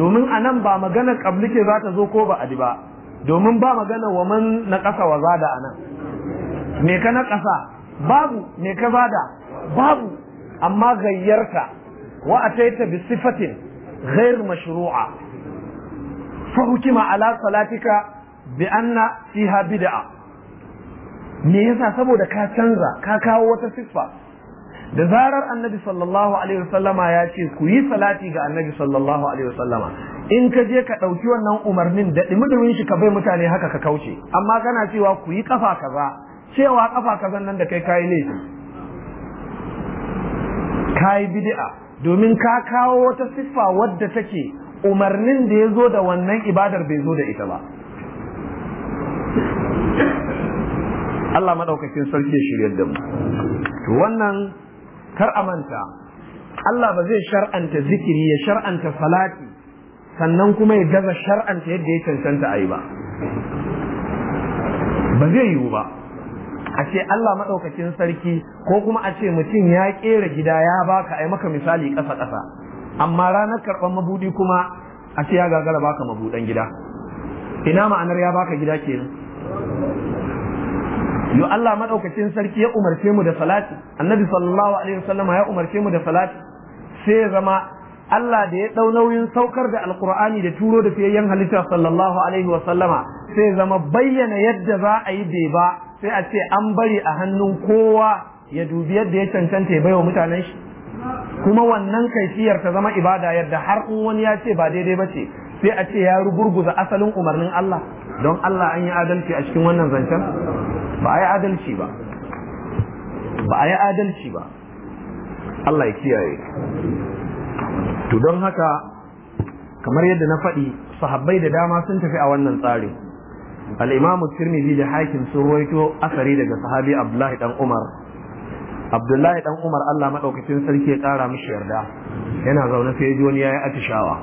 domin a nan ba maganar kabli ke za ta zo ko ba adi ba domin ba magana wa man na ƙasa wa zada a nan me ka na ƙasa babu me ka zada babu amma gayyarta wa ataita bi sifatin ghair mashru'a fa hukima ala salatika bi anna fiha bid'a me yasa saboda ka canza ka kawo wata siffa da zarar annabi sallallahu alaihi wasallama ya ce ku yi salati ga annabi sallallahu alaihi wasallama in ka je ka ɗauki wannan umarnin da dumudumin shi ka bai mutane haka ka kauce amma kana cewa ku yi kafa kaza cewa kafa kaza nan da kai kayi ne kayi bid'a domin ka kawo wata siffa wadda take umarnin da ya zo da wannan ibadar bai zo da ita ba Allah maɗaukakin sarki shirya da mu wannan kar a manta Allah ba zai shar'anta zikiri ya shar'anta salati sannan kuma ya gaza shar'anta yadda ya cancanta a yi ba ba zai yiwu ba a ce Allah maɗaukakin sarki ko kuma a ce mutum ya ƙera gida ya baka ai maka misali ƙasa ƙasa amma ranar karɓar mabuɗi kuma a ce ya gagara baka mabuɗan gida ina ma'anar ya baka gida ke? yo Allah madaukakin sarki ya umarce mu da salati annabi sallallahu alaihi wasallam ya umarce mu da salati sai ya zama Allah da ya dau nauyin saukar da alqur'ani da turo da fiyayyen halitta sallallahu alaihi wasallama sai ya zama bayyana yadda za a yi ba. sai a ce an bari a hannun kowa ya dubi yadda ya cancanta ya wa mutanen shi kuma wannan kaifiyar ta zama ibada yadda har in wani ya ce ba daidai ba ce sai a ce ya rugurguza asalin umarnin Allah don Allah an yi adalci a cikin wannan zancen ba a yi adalci ba ba a yi adalci ba Allah ya kiyaye to don haka kamar yadda na faɗi sahabbai da dama sun tafi a wannan tsari al-imamu tirmidhi da hakim sun ruwaito asari daga sahabi abdullahi dan umar abdullahi dan umar Allah madaukakin sarki ya kara mishi yarda yana zaune sai ya ji wani yayi atishawa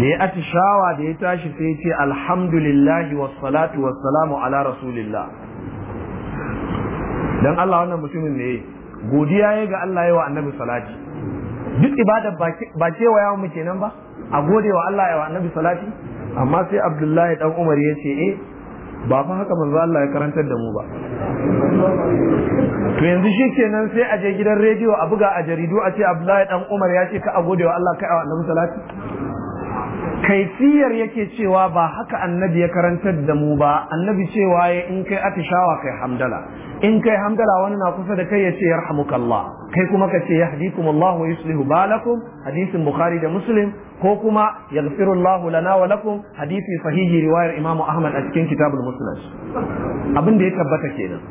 da ya atishawa da ya tashi sai ce alhamdulillahi wassalatu wassalamu ala rasulillah dan Allah wannan mutumin ne godiya ya ga Allah ya wa annabi salati duk ibada ba ce wa yawon muke nan ba a gode wa Allah ya wa annabi salati amma sai Abdullahi dan Umar ya ce eh ba fa haka manzo Allah ya karantar da mu ba to yanzu shi kenan sai a je gidan rediyo a buga a jaridu a ce Abdullahi dan Umar ya ce ka a gode wa Allah kai wa annabi salati kaifiyar yake cewa ba haka annabi ya karantar da mu ba annabi cewa ya in kai atishawa kai hamdala in kai hamdala wani na kusa da kai ya ce yarhamukallah kai kuma ka ce yahdikumullah wa yuslihu balakum hadisin bukhari da muslim ko kuma yaghfirullahu lana wa lakum hadisi sahihi riwayar imamu ahmad a cikin kitabul muslim abin da ya tabbata kenan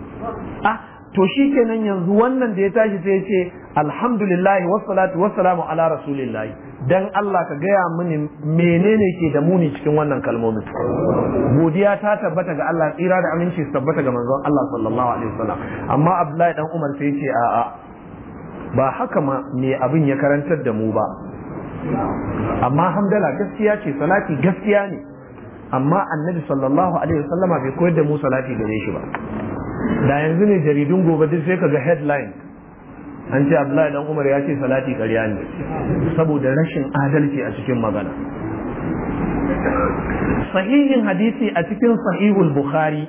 ah to shi kenan yanzu wannan da ya tashi sai ya ce alhamdulillah wassalatu wassalamu ala rasulillahi dan Allah ka gaya mini menene ke da muni cikin wannan kalmomin godiya ta tabbata ga Allah tsira da aminci tabbata ga manzon Allah sallallahu alaihi wasallam amma Abdullahi dan Umar sai ce a a ba haka ma me abin ya karantar da mu ba amma hamdala gaskiya ce salati gaskiya ne amma annabi sallallahu alaihi wasallama bai koyar da mu salati gare shi ba da yanzu ne jaridun gobe duk sai ka ga headline an ce Abdullahi dan Umar ya ce salati karya ne saboda rashin adalci a cikin magana sahihin hadisi a cikin sahihul bukhari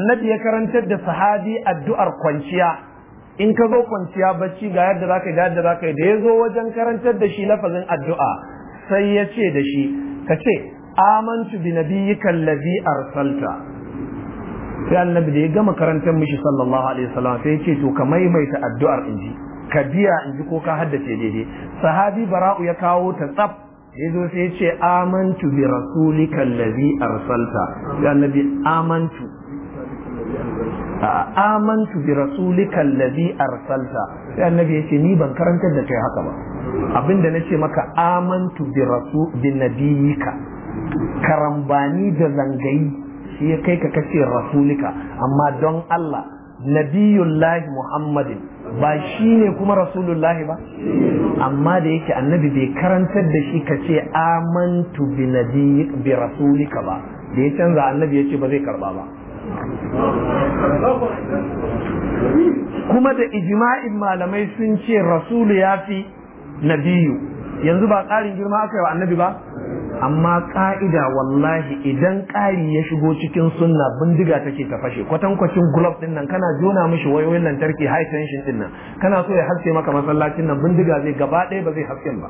annabi ya karantar da sahabi addu'ar kwanciya in ka zo kwanciya bacci ga yadda za ka yi yadda za ka yi da ya zo wajen karantar da shi lafazin addu'a sai ya ce da shi ka ce amantu bi nabiyyika allazi arsalta sai annabi da ya gama karantar mishi sallallahu alaihi wasallam sai ya ce to ka maimaita addu'ar inji ka biya inji ko ka haddace daidai sahabi bara'u ya kawo ta tsaf ya zo sai ya ce amantu bi rasulika allazi arsalta sai annabi amantu amantu bi rasulika allazi arsalta sai annabi ya ce ni ban karantar da kai haka ba abinda ce maka amantu bi rasul bi nabiyika karambani da zangayi shi ya kai ka kace rasulika amma don Allah nabiyullahi muhammadin ba shi ne kuma rasulullahi ba amma da yake annabi bai karantar da shi ka ce amantu bi nabiyik bi rasulika ba da ya canza annabi ya ce ba zai karba ba kuma da ijma'in malamai sun ce rasulu ya fi nabiyu yanzu ba ƙarin girma aka yi wa annabi ba amma ka'ida wallahi idan ƙari ya shigo cikin sunna bindiga take ta fashe kwatankwacin gulob din nan kana jona mishi wayoyin lantarki high tension din nan kana so ya haske maka masallacin nan bindiga zai gaba ɗaya ba zai hasken ba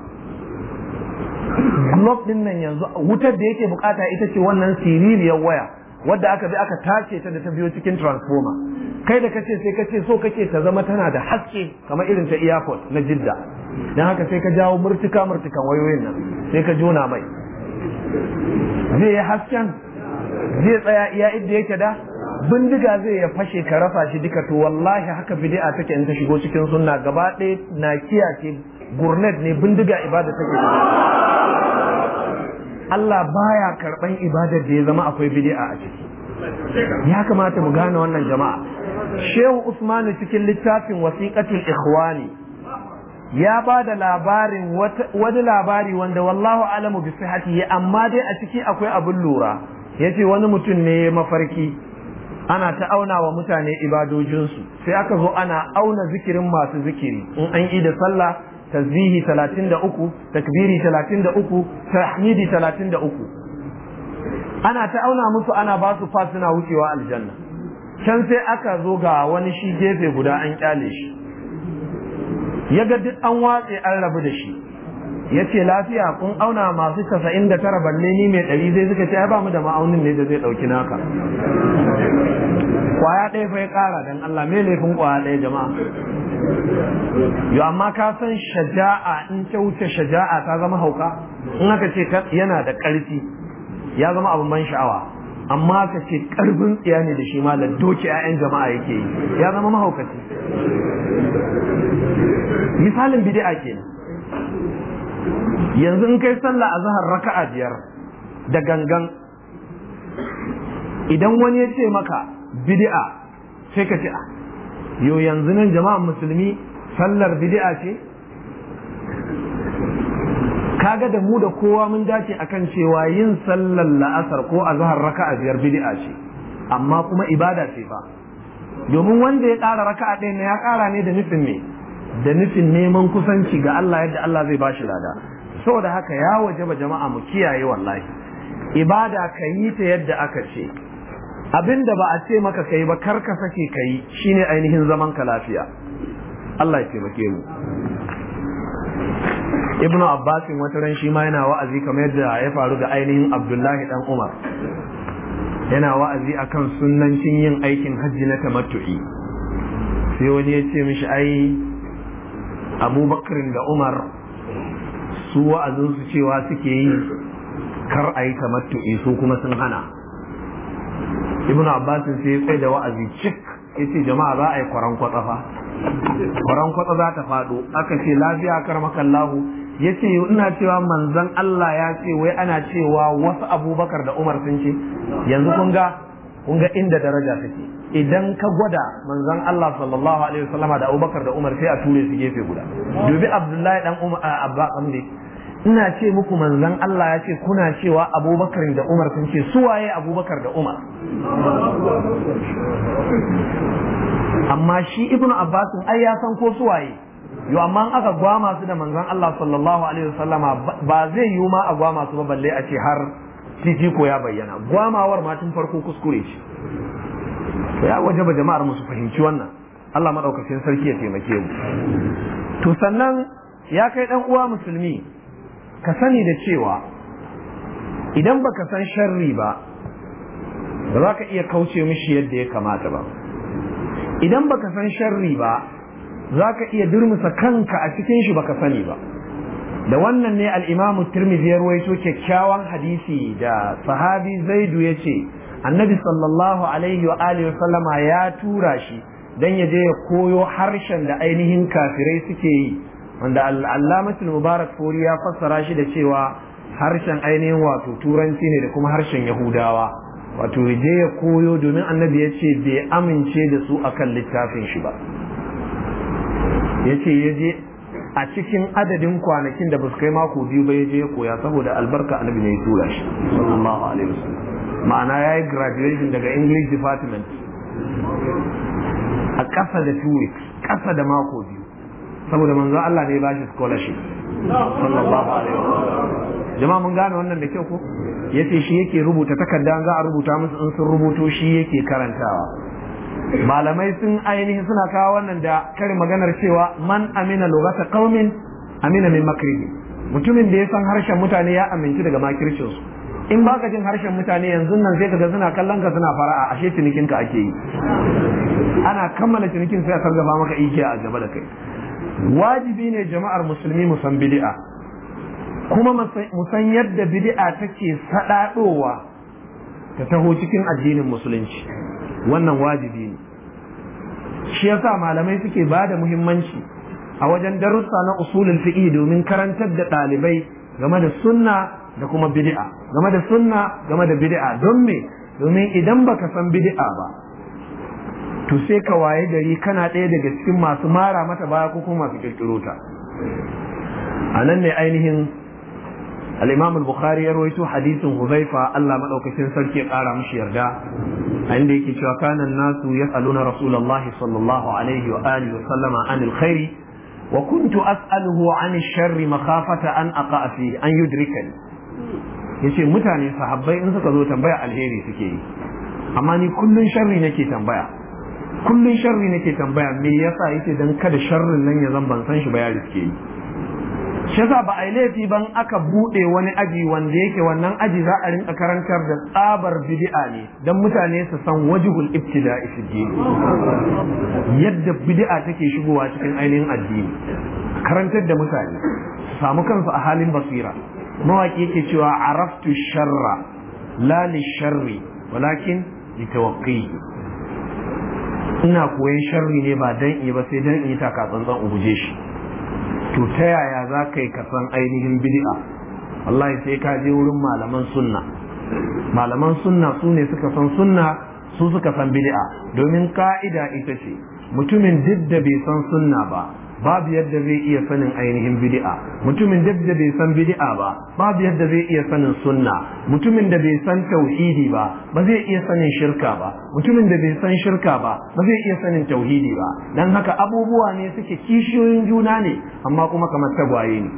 Gulob din nan yanzu wutar da yake bukata ita ce wannan siririyar waya wadda aka bi aka tace ta da ta biyo cikin transformer kai da kace sai kace so kake ta zama tana da haske kamar irin ta airport na jidda don haka sai ka jawo murtuka murtukan wayoyin nan sai ka jona mai zai yi hasken zai tsaya iya inda yake da bindiga zai ya fashe ka rafa shi duka to wallahi haka bid'a take in ta shigo cikin sunna gaba ɗaya na kiyace gurnet ne bindiga ibada take Allah baya karban ibadar da ya zama akwai bid'a a ciki ya kamata mu gane wannan jama'a Shehu Usmanu cikin littafin wasiqatul ikhwani ya ba da labarin wani labari wanda wallahu alamu bi sihhatihi amma dai a ciki akwai abin lura yace wani mutum ne mafarki ana ta auna wa mutane ibadojinsu sai aka zo ana auna zikirin masu zikiri in an yi da sallah tazihi 33 takbiri 33 tahmidi 33 ana ta auna musu ana ba su fa suna wucewa aljanna can sai aka zo ga wani shi gefe guda an kyale shi ya ga duk an watse an rabu da shi ya ce lafiya kun auna masu casa'in da tara balle ni mai ɗari zai suka ce ai ba mu da ma'aunin ne da zai ɗauki naka kwaya ɗaya fa ya ƙara don Allah me laifin kwaya ɗaya jama'a Ya amma ka san shaja'a in ta shaja'a ta zama hauka in aka ce yana da ƙarfi ya zama abin ban sha'awa amma ka ce karfin tsiya ne da shi malam doke 'ya'yan jama'a yake yi ya zama mahaukaci misalin bid'a kenan yanzu in kai sallah a zahar raka'a biyar da gangan idan wani ya ce maka bid'a sai ka ce a ah, yo yanzu nan jama'a musulmi sallar bid'a ce kaga da mu da kowa mun dace akan cewa yin sallar la'asar ko a azhar raka'a biyar bid'a ce amma kuma ibada ce fa domin wanda ya ƙara raka'a ɗaya ne ya ƙara ne da nufin ne da nufin neman kusanci ga Allah yadda Allah zai bashi lada saboda haka ya waje ba jama'a mu kiyaye wallahi ibada ka yi ta yadda aka ce abin da ba a ce maka kai ba kar ka sake ka shine ainihin zaman ka lafiya Allah ya taimake mu ibnu abbasin wata ran shi ma yana wa'azi kamar yadda ya faru da ainihin abdullahi dan umar yana wa'azi akan sunnancin yin aikin hajji na tamattu'i sai wani ya ce mishi ai abubakarin da umar su wa'azinsu cewa suke yi kar a yi tamattu'i su kuma sun hana Ibnu abbasin sai tsaye da wa'azi cik ya ce jama'a za a yi kwaran kwatsa fa kwaran kwatsa za ta faɗo aka ce lafiya kar makallahu ya ce ina cewa manzon Allah ya ce wai ana cewa wasu abubakar da umar sun ce yanzu kun ga kun ga inda daraja take idan ka gwada manzon Allah sallallahu alaihi wasallama da abubakar da umar sai a ture su gefe guda dubi abdullahi dan umar abba amdi ina ce muku manzon Allah ya ce kuna cewa abubakar da umar sun ce su waye abubakar da umar amma shi ibnu Abbas ai ya san ko su waye yo amma aka gwama su da manzon Allah sallallahu alaihi wasallama ba zai yiwu ma a gwama su ba balle a ce har ko ya bayyana gwamawar ma tun farko kuskure to ya waje ba jama'ar musu fahimci wannan Allah madaukakin sarki ya taimake mu to sannan ya kai dan uwa musulmi ka sani da cewa idan baka san sharri ba ba za ka iya kauce mishi yadda ya kamata ba idan baka san sharri ba za ka iya durmusa kanka a cikin shi baka sani ba da wannan ne al'imamu turmizi ya ruwaito kyakkyawan hadisi da sahabi zaidu ya ce annabi sallallahu alaihi wa alihi wa sallama ya tura shi dan ya je ya koyo harshen da ainihin kafirai suke yi wanda al'allamatul mubarak fori ya fassara shi da cewa harshen ainihin wato turanci ne da kuma harshen yahudawa wato je ya koyo domin annabi ya ce bai amince da su akan littafin shi ba ya ce ya je a cikin adadin kwanakin da ba su kai mako biyu ba ya je ya koya saboda albarka annabi ne ya tura shi sallallahu alaihi wasallam ma'ana ya yi graduation daga english department a ƙasa da two weeks ƙasa da mako biyu saboda manzo Allah ne ya bashi scholarship sallallahu alaihi wasallam jama'a mun gane wannan da kyau ko yace shi yake rubuta takarda za a rubuta musu in sun rubuto shi yake karantawa malamai sun ainihin suna kawo wannan da karin maganar cewa man amina lugata qaumin amina min makrihi mutumin da ya san harshen mutane ya aminci daga makircinsu in baka jin harshen mutane yanzu nan sai kaga suna kallon ka suna fara'a ashe cinikin ka ake yi ana kammala cinikin sai a sargafa maka igiya a gaba da kai wajibi ne jama'ar musulmi musan bid'a kuma musan yadda bid'a take sadadowa ta taho cikin addinin musulunci wannan wajibi ne shi yasa malamai suke ba da muhimmanci a wajen darussa na usulul fiqh domin karantar da ɗalibai game da sunna da kuma bid'a game da sunna game da bid'a don me domin idan baka san bid'a ba to sai ka waye gari kana ɗaya daga cikin masu mara mata baya ko kuma masu kirkiro ta a ne ainihin al-imam bukhari ya hadisin huzaifa Allah madaukakin sarki ya kara mishi yarda inda yake cewa kana nasu yasaluna rasulullahi sallallahu alaihi wa alihi wa sallama anil khairi wa kuntu as'aluhu an sharri makhafata an aqa fi an yudrikani yace mutane sahabbai in suka zo tambaya alheri suke yi amma ni kullun sharri nake tambaya kullun sharri nake tambaya me yasa yake dan kada sharrin nan ya zan ban san shi ba ya riske ni shi yasa ba a yi laifi ban aka buɗe wani aji wanda yake wannan aji za a rinka karantar da tsabar bidi'a ne don mutane su san wajihul ibtida isjini yadda bid'a take shigowa cikin ainihin addini karantar da mutane samu kansu a halin basira mawaki yake cewa araftu sharra la sharri walakin li ina koyon sharri ne ba dan ba sai dan iya taka tsantsan ubuje shi to ta yaya za ka yi kasan ainihin bid'a wallahi sai ka je wurin malaman sunna malaman sunna su ne suka san sunna su suka san bid'a domin ka'ida ita ce mutumin duk da bai san sunna ba babu yadda zai iya sanin ainihin bid'a mutumin da bai san bid'a ba babu yadda zai iya sanin sunna mutumin da bai san tauhidi ba ba zai iya sanin shirka ba mutumin da bai san shirka ba ba zai iya sanin tauhidi ba dan haka abubuwa ne suke kishiyoyin juna ne amma kuma kamar tagwaye ne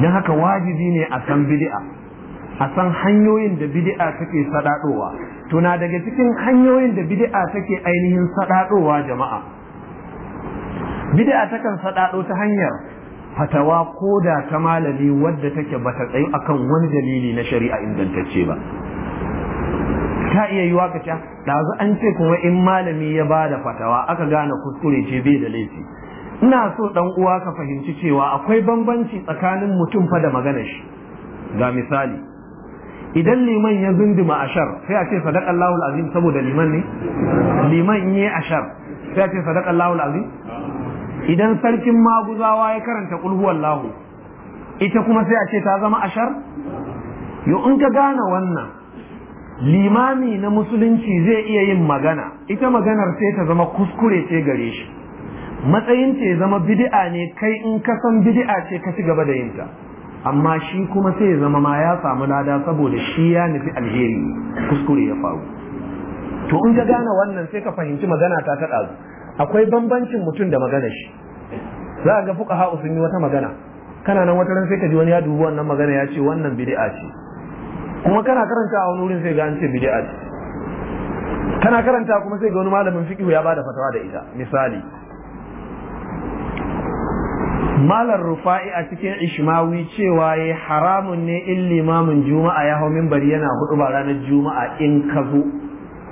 dan haka wajibi ne a san bid'a a san hanyoyin da bid'a take sadadowa to na daga cikin hanyoyin da bid'a take ainihin sadadowa jama'a bid'a takan saɗaɗo ta hanyar fatawa ko da ta malami wadda take bata tsayi akan wani dalili na shari'a ingantacce ba ta iya yi waka ca ɗazu an ce kuma in malami ya ba da fatawa aka gane kuskure ce bai da laifi ina so ɗan uwa ka fahimci cewa akwai bambanci tsakanin mutum fa da maganar shi ga misali idan liman ya zunduma ashar sai a ce sadaq Allahul azim saboda liman ne liman in yi ashar sai a ce sadaq Allahul azim idan sarkin maguzawa ya karanta kulhu lahu ita kuma sai a ce ta zama ashar yo in ka gane wannan limami na musulunci zai iya yin magana ita maganar sai ta zama kuskure ce gare shi matsayin ce zama bid'a ne kai in ka san bid'a ce ka ci gaba da yinta amma shi kuma sai ya zama ma ya samu lada saboda shi ya nufi alheri kuskure ya faru to in ka gane wannan sai ka fahimci magana ta ta ɗazu akwai bambancin mutum da magana shi za a ga fuqaha sun yi wata magana kana nan wata ran sai ka ji wani ya dubi wannan magana ya ce wannan bid'a ce kuma kana karanta a wani wurin sai ga an ce bid'a ce kana karanta kuma sai ga wani malamin fiqh ya bada fatawa da ita misali malar rufa'i a cikin ishmawi cewa ya haramun ne in limamin juma'a ya hau minbari yana hudu ba ranar juma'a in ka zo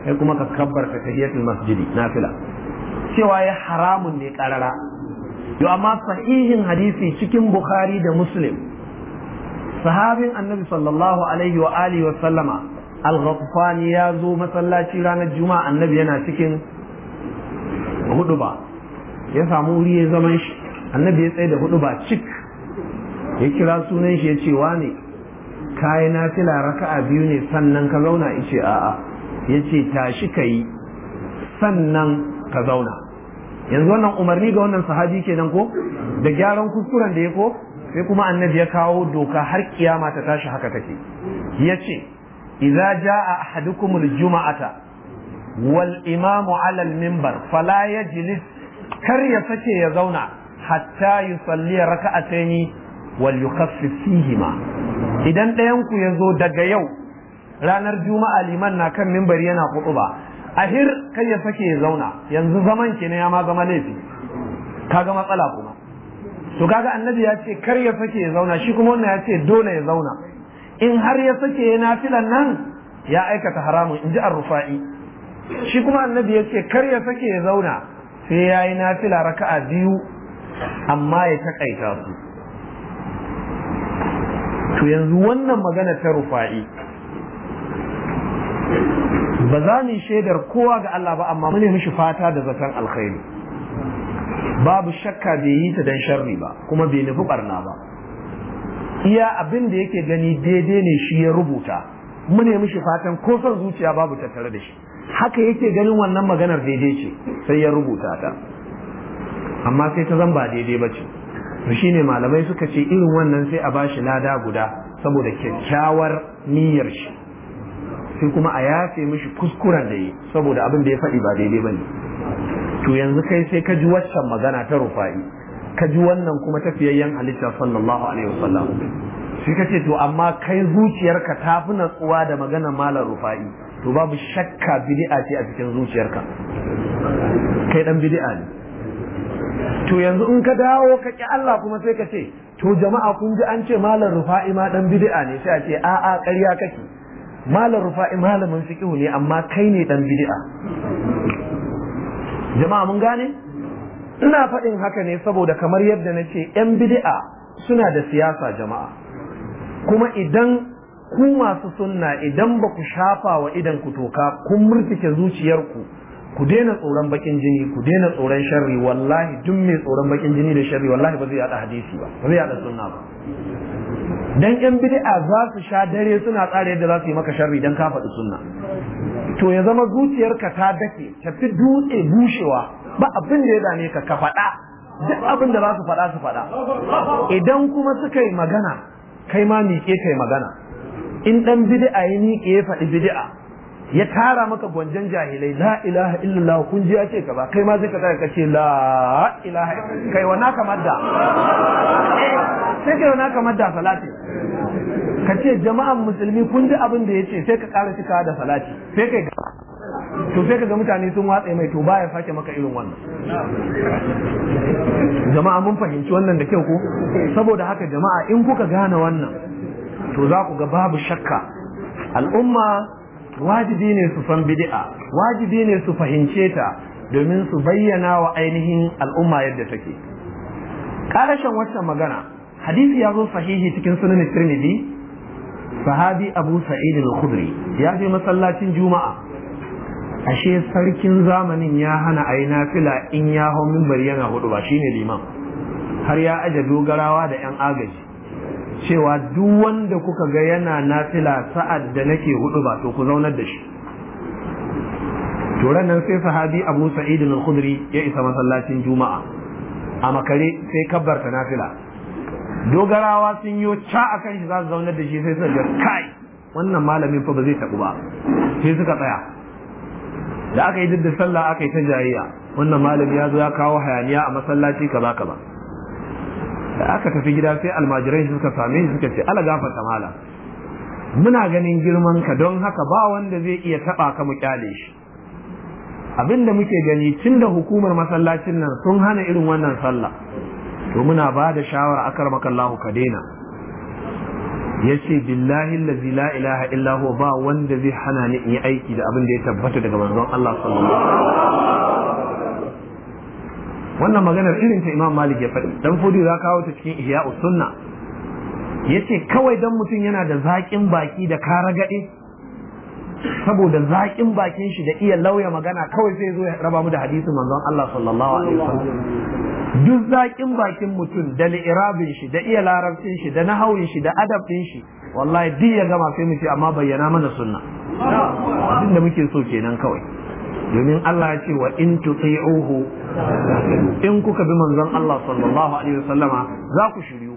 kai kuma ka kabbar ka tahiyatul masjidi nafila cewa ya haramun ne karara yau amma sahihin hadisi cikin bukhari da muslim sahabin annabi sallallahu alaihi wa alihi wa sallama al-ghaffani ya zo masallaci ranar juma'a annabi yana cikin hudu ba ya samu wuri ya zaman shi annabi ya tsaye da hudu ba cik ya kira sunan shi ya ce wane kayi na fila raka'a biyu ne sannan ka zauna ya ce a'a ya ce tashi ka yi sannan ka zauna yanzu wannan umarni ga wannan sahabi kenan ko da gyaran kuskuren da ya ko sai kuma annabi ya kawo doka har kiyama ta tashi haka take yace idza jaa ahadukum juma'ata wal imamu ala al fala yajlis kar ya sake ya zauna hatta yusalli raka'ataini wal yukhaffif fihima idan ɗayan ku yazo daga yau ranar juma'a liman na kan mimbari yana kutuba ahir kai ya sake ya zauna yanzu zaman ki ne ya ma zama laifi kaga matsala kuma to kaga annabi ya ce kar ya sake ya zauna shi kuma wannan ya ce dole ya zauna in har ya sake ya nafilan nan ya aikata haramun in ji rufa'i shi kuma annabi ya ce kar ya sake ya zauna sai ya yi nafila raka'a biyu amma ya takaita su to yanzu wannan magana ta rufa'i ba za mu yi shaidar kowa ga Allah ba amma mune mishi fata da zaton alkhairi babu shakka bai yi ta dan sharri ba kuma bai nufi barna ba iya abin da yake gani daidai ne shi ya rubuta mune mishi fatan ko son zuciya babu tattare da shi haka yake ganin wannan maganar daidai ce sai ya rubuta ta amma sai ta zan ba daidai ba ce to shine malamai suka ce irin wannan sai a bashi lada guda saboda kyakkyawar niyyar shi sai kuma a yafe mishi kuskuren da yi saboda abin da ya faɗi ba daidai ba ne to yanzu kai sai ka ji waccan magana ta rufa'i ka ji wannan kuma tafiyayyen halitta sallallahu alaihi wasallam sai ka to amma kai zuciyarka ta fi natsuwa da magana malar rufa'i to babu shakka bid'a ce a cikin zuciyarka kai dan bid'a ne to yanzu in ka dawo ka ki Allah kuma sai ka ce to jama'a kun ji an ce malar rufa'i ma dan bid'a ne sai a ce a'a ƙarya kake malar rufa'i malamin fiqhu ne amma kai ne dan bid'a jama'a mun gane ina faɗin haka ne saboda kamar yadda na ce 'yan bid'a suna da siyasa jama'a kuma idan ku masu sunna idan ba ku shafa wa idan ku toka kun murtike zuciyarku ku daina tsoron bakin jini ku daina tsoron sharri wallahi duk mai tsoron bakin jini da sharri wallahi ba zai yada hadisi ba ba zai yada sunna ba dan yan bid'a za su sha dare suna tsara yadda za su yi maka sharri dan ka faɗi sunna to ya zama zuciyarka ta dake tafi dutse bushewa ba abin da ya dame ka ka faɗa duk abin da za su faɗa su faɗa idan kuma suka yi magana kai ma miƙe kai magana in dan bidi'a ya miƙe ya faɗi bidi'a. ya tara maka gwanjan jahilai la ilaha illallah kun ji ake ce ka ba kai ma zai ka tsaya ka ce la ilaha kai wa naka madda sai kai wa naka madda salati ka ce jama'an musulmi kun ji abin da ya ce sai ka ƙara cika da salati sai kai to sai ka ga mutane sun watsa mai to baya sake maka irin wannan jama'a mun fahimci wannan da kyau ko saboda haka jama'a in kuka gane wannan to za ku ga babu shakka al'umma wajibi ne su san bid'a wajibi ne su fahimce ta domin su bayyana wa ainihin al'umma yadda take karashin wannan magana hadisi ya zo sahihi cikin sunan tirmidhi sahabi abu sa'id al-khudri ya je masallacin juma'a ashe sarkin zamanin ya hana ai nafila in ya hau minbar yana hudu ba shine liman har ya aje dogarawa da yan agaji cewa duk wanda kuka ga yana nafila sa'ad da nake hudu ba to ku zaunar da shi to nan sai sahabi Abu Sa'id al-Khudri ya isa masallacin Juma'a a makare sai kabbarta nafila dogarawa sun yi ca akan shi za su zaunar da shi sai suka ga kai wannan malamin fa ba zai tabu ba sai suka tsaya da aka yi duk da sallah aka yi ta jayayya wannan malami ya zo ya kawo hayaniya a masallaci kaza kaza Da aka tafi gida sai almajirai suka same shi suka ce ala gafarta mala muna ganin girman ka don haka ba wanda zai iya taba ka mu kyale shi abinda muke gani tun da hukumar masallacin nan sun hana irin wannan sallah to muna ba da shawara akar makallahu ka daina ya ce billahi lazi la ilaha illahu ba wanda zai hana ni in yi aiki da abin da ya tabbata daga manzon Allah sallallahu alaihi wasallam wannan maganar irin ta imam malik ya faɗi dan fudi za kawo ta cikin ihya sunna ce kawai don mutum yana da zaƙin baki da kara gaɗe saboda zaƙin bakin shi da iya lauya magana kawai sai zo ya raba mu da hadisin manzon Allah sallallahu alaihi wasallam duk zaƙin bakin mutum da li'irabin shi da iya larabcin shi da nahawin shi da adabin shi wallahi duk ya gama sai mu ce amma bayyana mana sunna abinda muke so kenan kawai domin Allah ya ce wa in tuti'uhu in kuka bi manzon Allah sallallahu alaihi wasallama za ku shiryu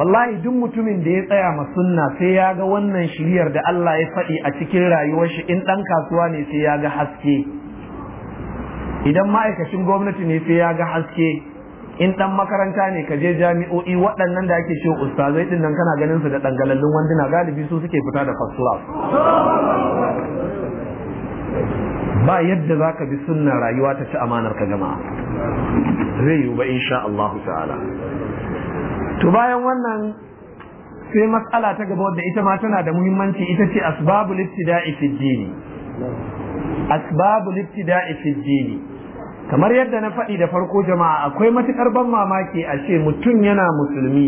wallahi duk mutumin da ya tsaya ma sunna sai ya ga wannan shiryar da Allah ya faɗi a cikin rayuwar shi in ɗan kasuwa ne sai ya ga haske idan ma'aikacin gwamnati ne sai ya ga haske in ɗan makaranta ne ka je jami'o'i waɗannan da ake ce ustazai ɗin nan kana ganin su da ɗangalallun wanduna galibi su suke fita da first ba yadda za ka bi sunna rayuwa ta ci amanar ka jama'a zai yiwu ba insha Allah ta'ala to bayan wannan sai matsala ta gaba wadda ita ma tana da muhimmanci ita ce asbabul lifti fi dini asbabul lifti fi dini kamar yadda na faɗi da farko jama'a akwai matukar ban mamaki a ce mutum yana musulmi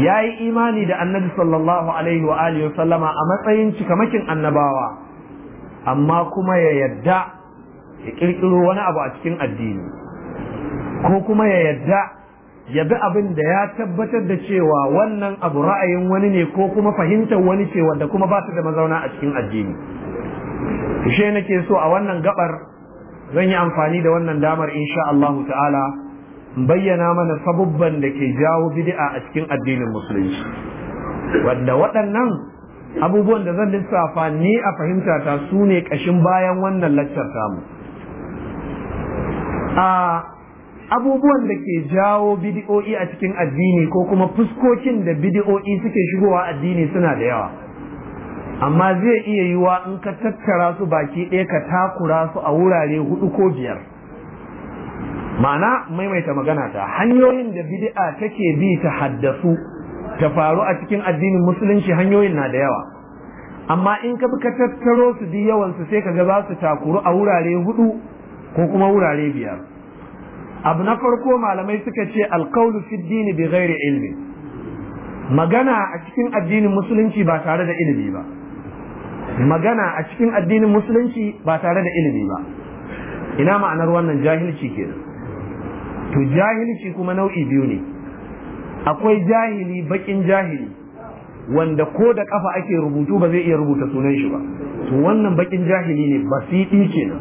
ya yi imani da annabi sallallahu alaihi wa alihi sallama a matsayin cikamakin annabawa amma kuma ya yadda ya kirkiro wani abu a cikin addini ko kuma ya yadda ya bi abin da ya tabbatar da cewa wannan abu ra'ayin wani ne ko kuma fahimtar wani ce wanda kuma ba su da mazauna a cikin addini na nake so a wannan gabar zan yi amfani da wannan damar insha Allahu ta'ala bayyana mana sabubban da ke jawo bidi'a a cikin addinin musulunci wanda waɗannan abubuwan da zan lissafa ni a fahimta ta su ne ƙashin bayan wannan lakcar tamu a abubuwan da ke jawo bidi'o'i a cikin addini ko kuma fuskokin da bidi'o'i suke shigowa addini suna da yawa amma zai iya yiwa in ka tattara su baki ɗaya ka takura su a wurare hudu ko biyar ma'ana maimaita magana ta hanyoyin da bid'a take bi ta haddasu ta faru a cikin addinin musulunci hanyoyin na da yawa amma in ka ka tattaro su di yawansu sai kaga za su takuru a wurare hudu ko kuma wurare biyar abu na farko malamai suka ce alkaulu fi dini bi ghairi ilmi magana a cikin addinin musulunci ba tare da ilimi ba magana a cikin addinin musulunci ba tare da ilimi ba ina ma'anar wannan jahilci kenan to jahilci kuma nau'i biyu ne akwai jahili bakin jahili wanda ko da kafa ake rubutu ba zai iya rubuta sunan shi ba to wannan bakin jahili ne basidi kenan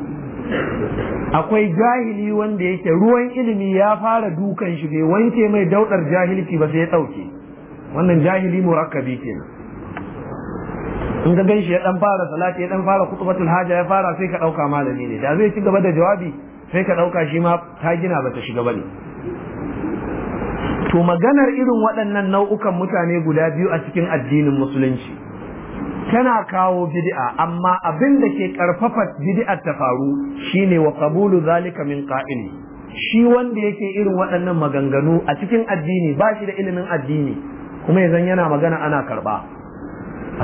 akwai jahili wanda yake ruwan ilimi ya fara dukan shi bai wanke mai daudar jahilci ba sai ya dauke wannan jahili murakkabi kenan in ga ganshi ya dan fara salati ya dan fara kutubatul haja ya fara sai ka dauka malami ne da zai ci gaba da jawabi sai ka dauka shi ma ta gina bata shiga bane to maganar irin waɗannan nau'ukan mutane guda biyu a cikin addinin musulunci tana kawo bid'a amma abin da ke karfafa bid'a ta faru shine wa qabulu zalika min qa'ili shi wanda yake irin waɗannan maganganu a cikin addini ba shi da ilimin addini kuma yanzu yana magana ana karɓa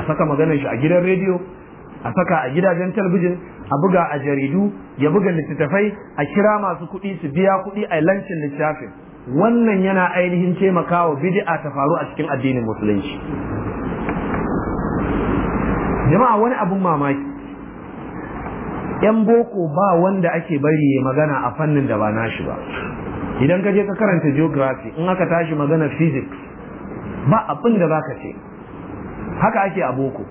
a saka maganar shi a gidan rediyo a saka a gidajen talabijin a buga a jaridu ya buga littattafai a kira masu kuɗi su biya kuɗi a lancin littafin wannan yana ainihin taimakawa bid'a ta faru a cikin addinin musulunci jama'a wani abun mamaki yan boko ba wanda ake bari ya magana a fannin da ba nashi ba idan ka je ka karanta geography in aka tashi magana physics ba abin da za ka ce haka ake a boko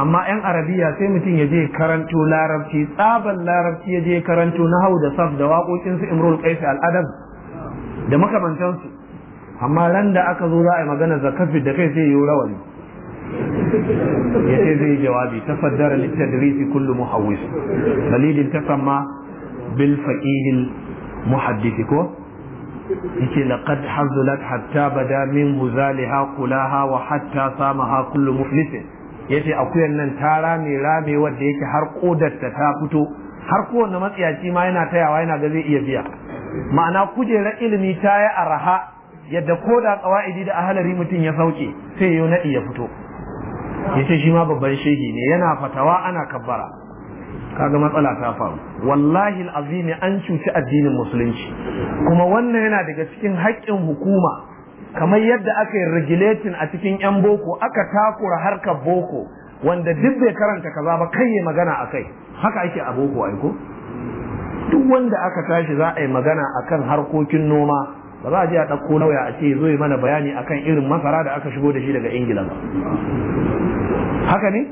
amma yan arabiya sai mutum ya je karanto larabci tsaban larabci ya je karanto na hau da saf da waƙoƙin su imrul qais al da makamantansu amma ran da aka zo za a yi magana zakafi da kai sai yi rawani ya ce zai jawabi tafaddara littadrisi kullu muhawwis dalilin tasamma bil faqihil muhaddisi ko yace laqad hazulat hatta bada min buzaliha kulaha wa hatta samaha kullu muflisin yace akuyan nan ta rame rame wanda yake har kodarta ta fito har kowanne matsiyaci ma yana tayawa yana ga zai iya biya ma'ana kujerar ilimi ta yi araha yadda ko da kawa'idi da ahalari mutum ya sauke sai yau naɗi ya fito ya ce shi ma babban shehi ne yana fatawa ana kabbara kaga matsala ta faru wallahi al'azimi an cuci addinin musulunci kuma wannan yana daga cikin haƙƙin hukuma kamar yadda aka yi regulating a cikin 'yan boko aka takura harkar boko wanda duk bai karanta kaza ba kai ya magana a kai haka ake a boko ko? duk wanda aka tashi za a yi magana akan harkokin noma ba za a je a ɗauko lauya a ce zo yi mana bayani akan irin masara da aka shigo da shi daga ingila ba haka ne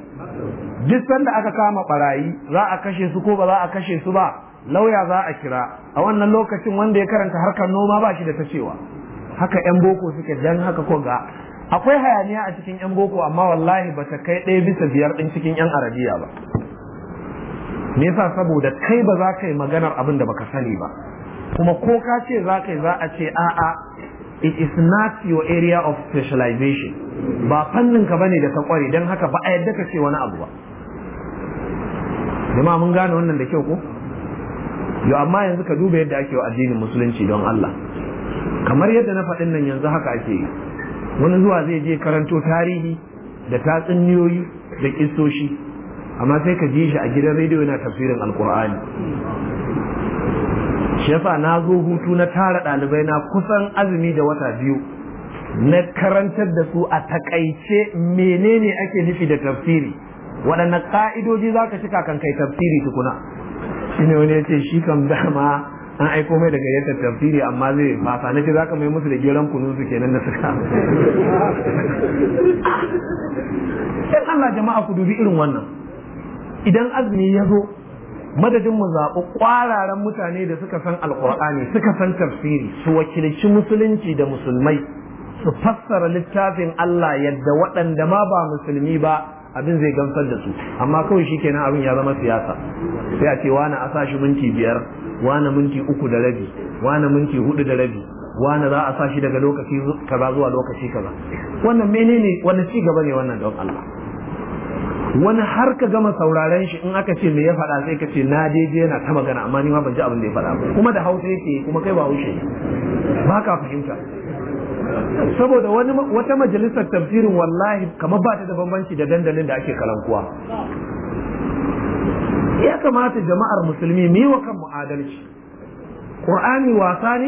duk sanda aka kama barayi za a kashe su ko ba za a kashe su ba lauya za a kira a wannan lokacin wanda ya karanta harkar noma ba shi da ta cewa haka yan boko suke dan haka ko ga akwai hayaniya a cikin yan boko amma wallahi ba ta kai ɗaya bisa biyar ɗin cikin yan arabiya ba me yasa saboda kai ba za ka yi maganar abin da baka sani ba kuma ko ka ce za ka yi za a ce a'a it is not your area of specialization ba fannin ka bane da ka kware don haka ba a yadda ka ce wani abu ba jama'a mun gane wannan da kyau ko yo amma yanzu ka duba yadda ake wa addinin musulunci don Allah kamar yadda na faɗin nan yanzu haka ake yi wani zuwa zai je karanto tarihi da tatsuniyoyi da kistoshi amma sai ka ji shi a gidan rediyo yana tafsirin alkur'ani shefa na zo hutu na tara ɗalibai na kusan azumi da wata biyu na karantar da su a takaice menene ake nufi da tafsiri waɗanne ƙa'idoji za ka cika kan kai tafsiri tukuna shine wani ya ce shi kam dama an aiko mai daga yadda tafsiri amma zai fasa na ce za ka mai musu da geron kunun su kenan da suka sai Allah jama'a ku dubi irin wannan idan azumi ya zo madadin mu zaɓi ƙwararan mutane da suka san alƙur'ani suka san tafsiri su wakilci musulunci da musulmai su fassara littafin Allah yadda waɗanda ma ba musulmi ba abin zai gamsar da su amma kawai shi kenan abin ya zama siyasa sai a ce wani a sashi minti biyar wani minti uku da rabi wani minti hudu da rabi wani za a sashi daga lokaci kaza zuwa lokaci kaza wannan menene wani ci gaba ne wannan don Allah wani har ka gama sauraren shi in aka ce me ya faɗa sai ka ce na daidai yana ta magana amma ni ma ban ji abin da ya faɗa ba kuma da hausa yake kuma kai ba haushe ba ka fahimta saboda wani wata majalisar tafsirin wallahi kamar ba ta da bambanci da dandalin da ake kalankuwa ya kamata jama'ar musulmi mu yi wa kanmu adalci Qur'ani wasa ne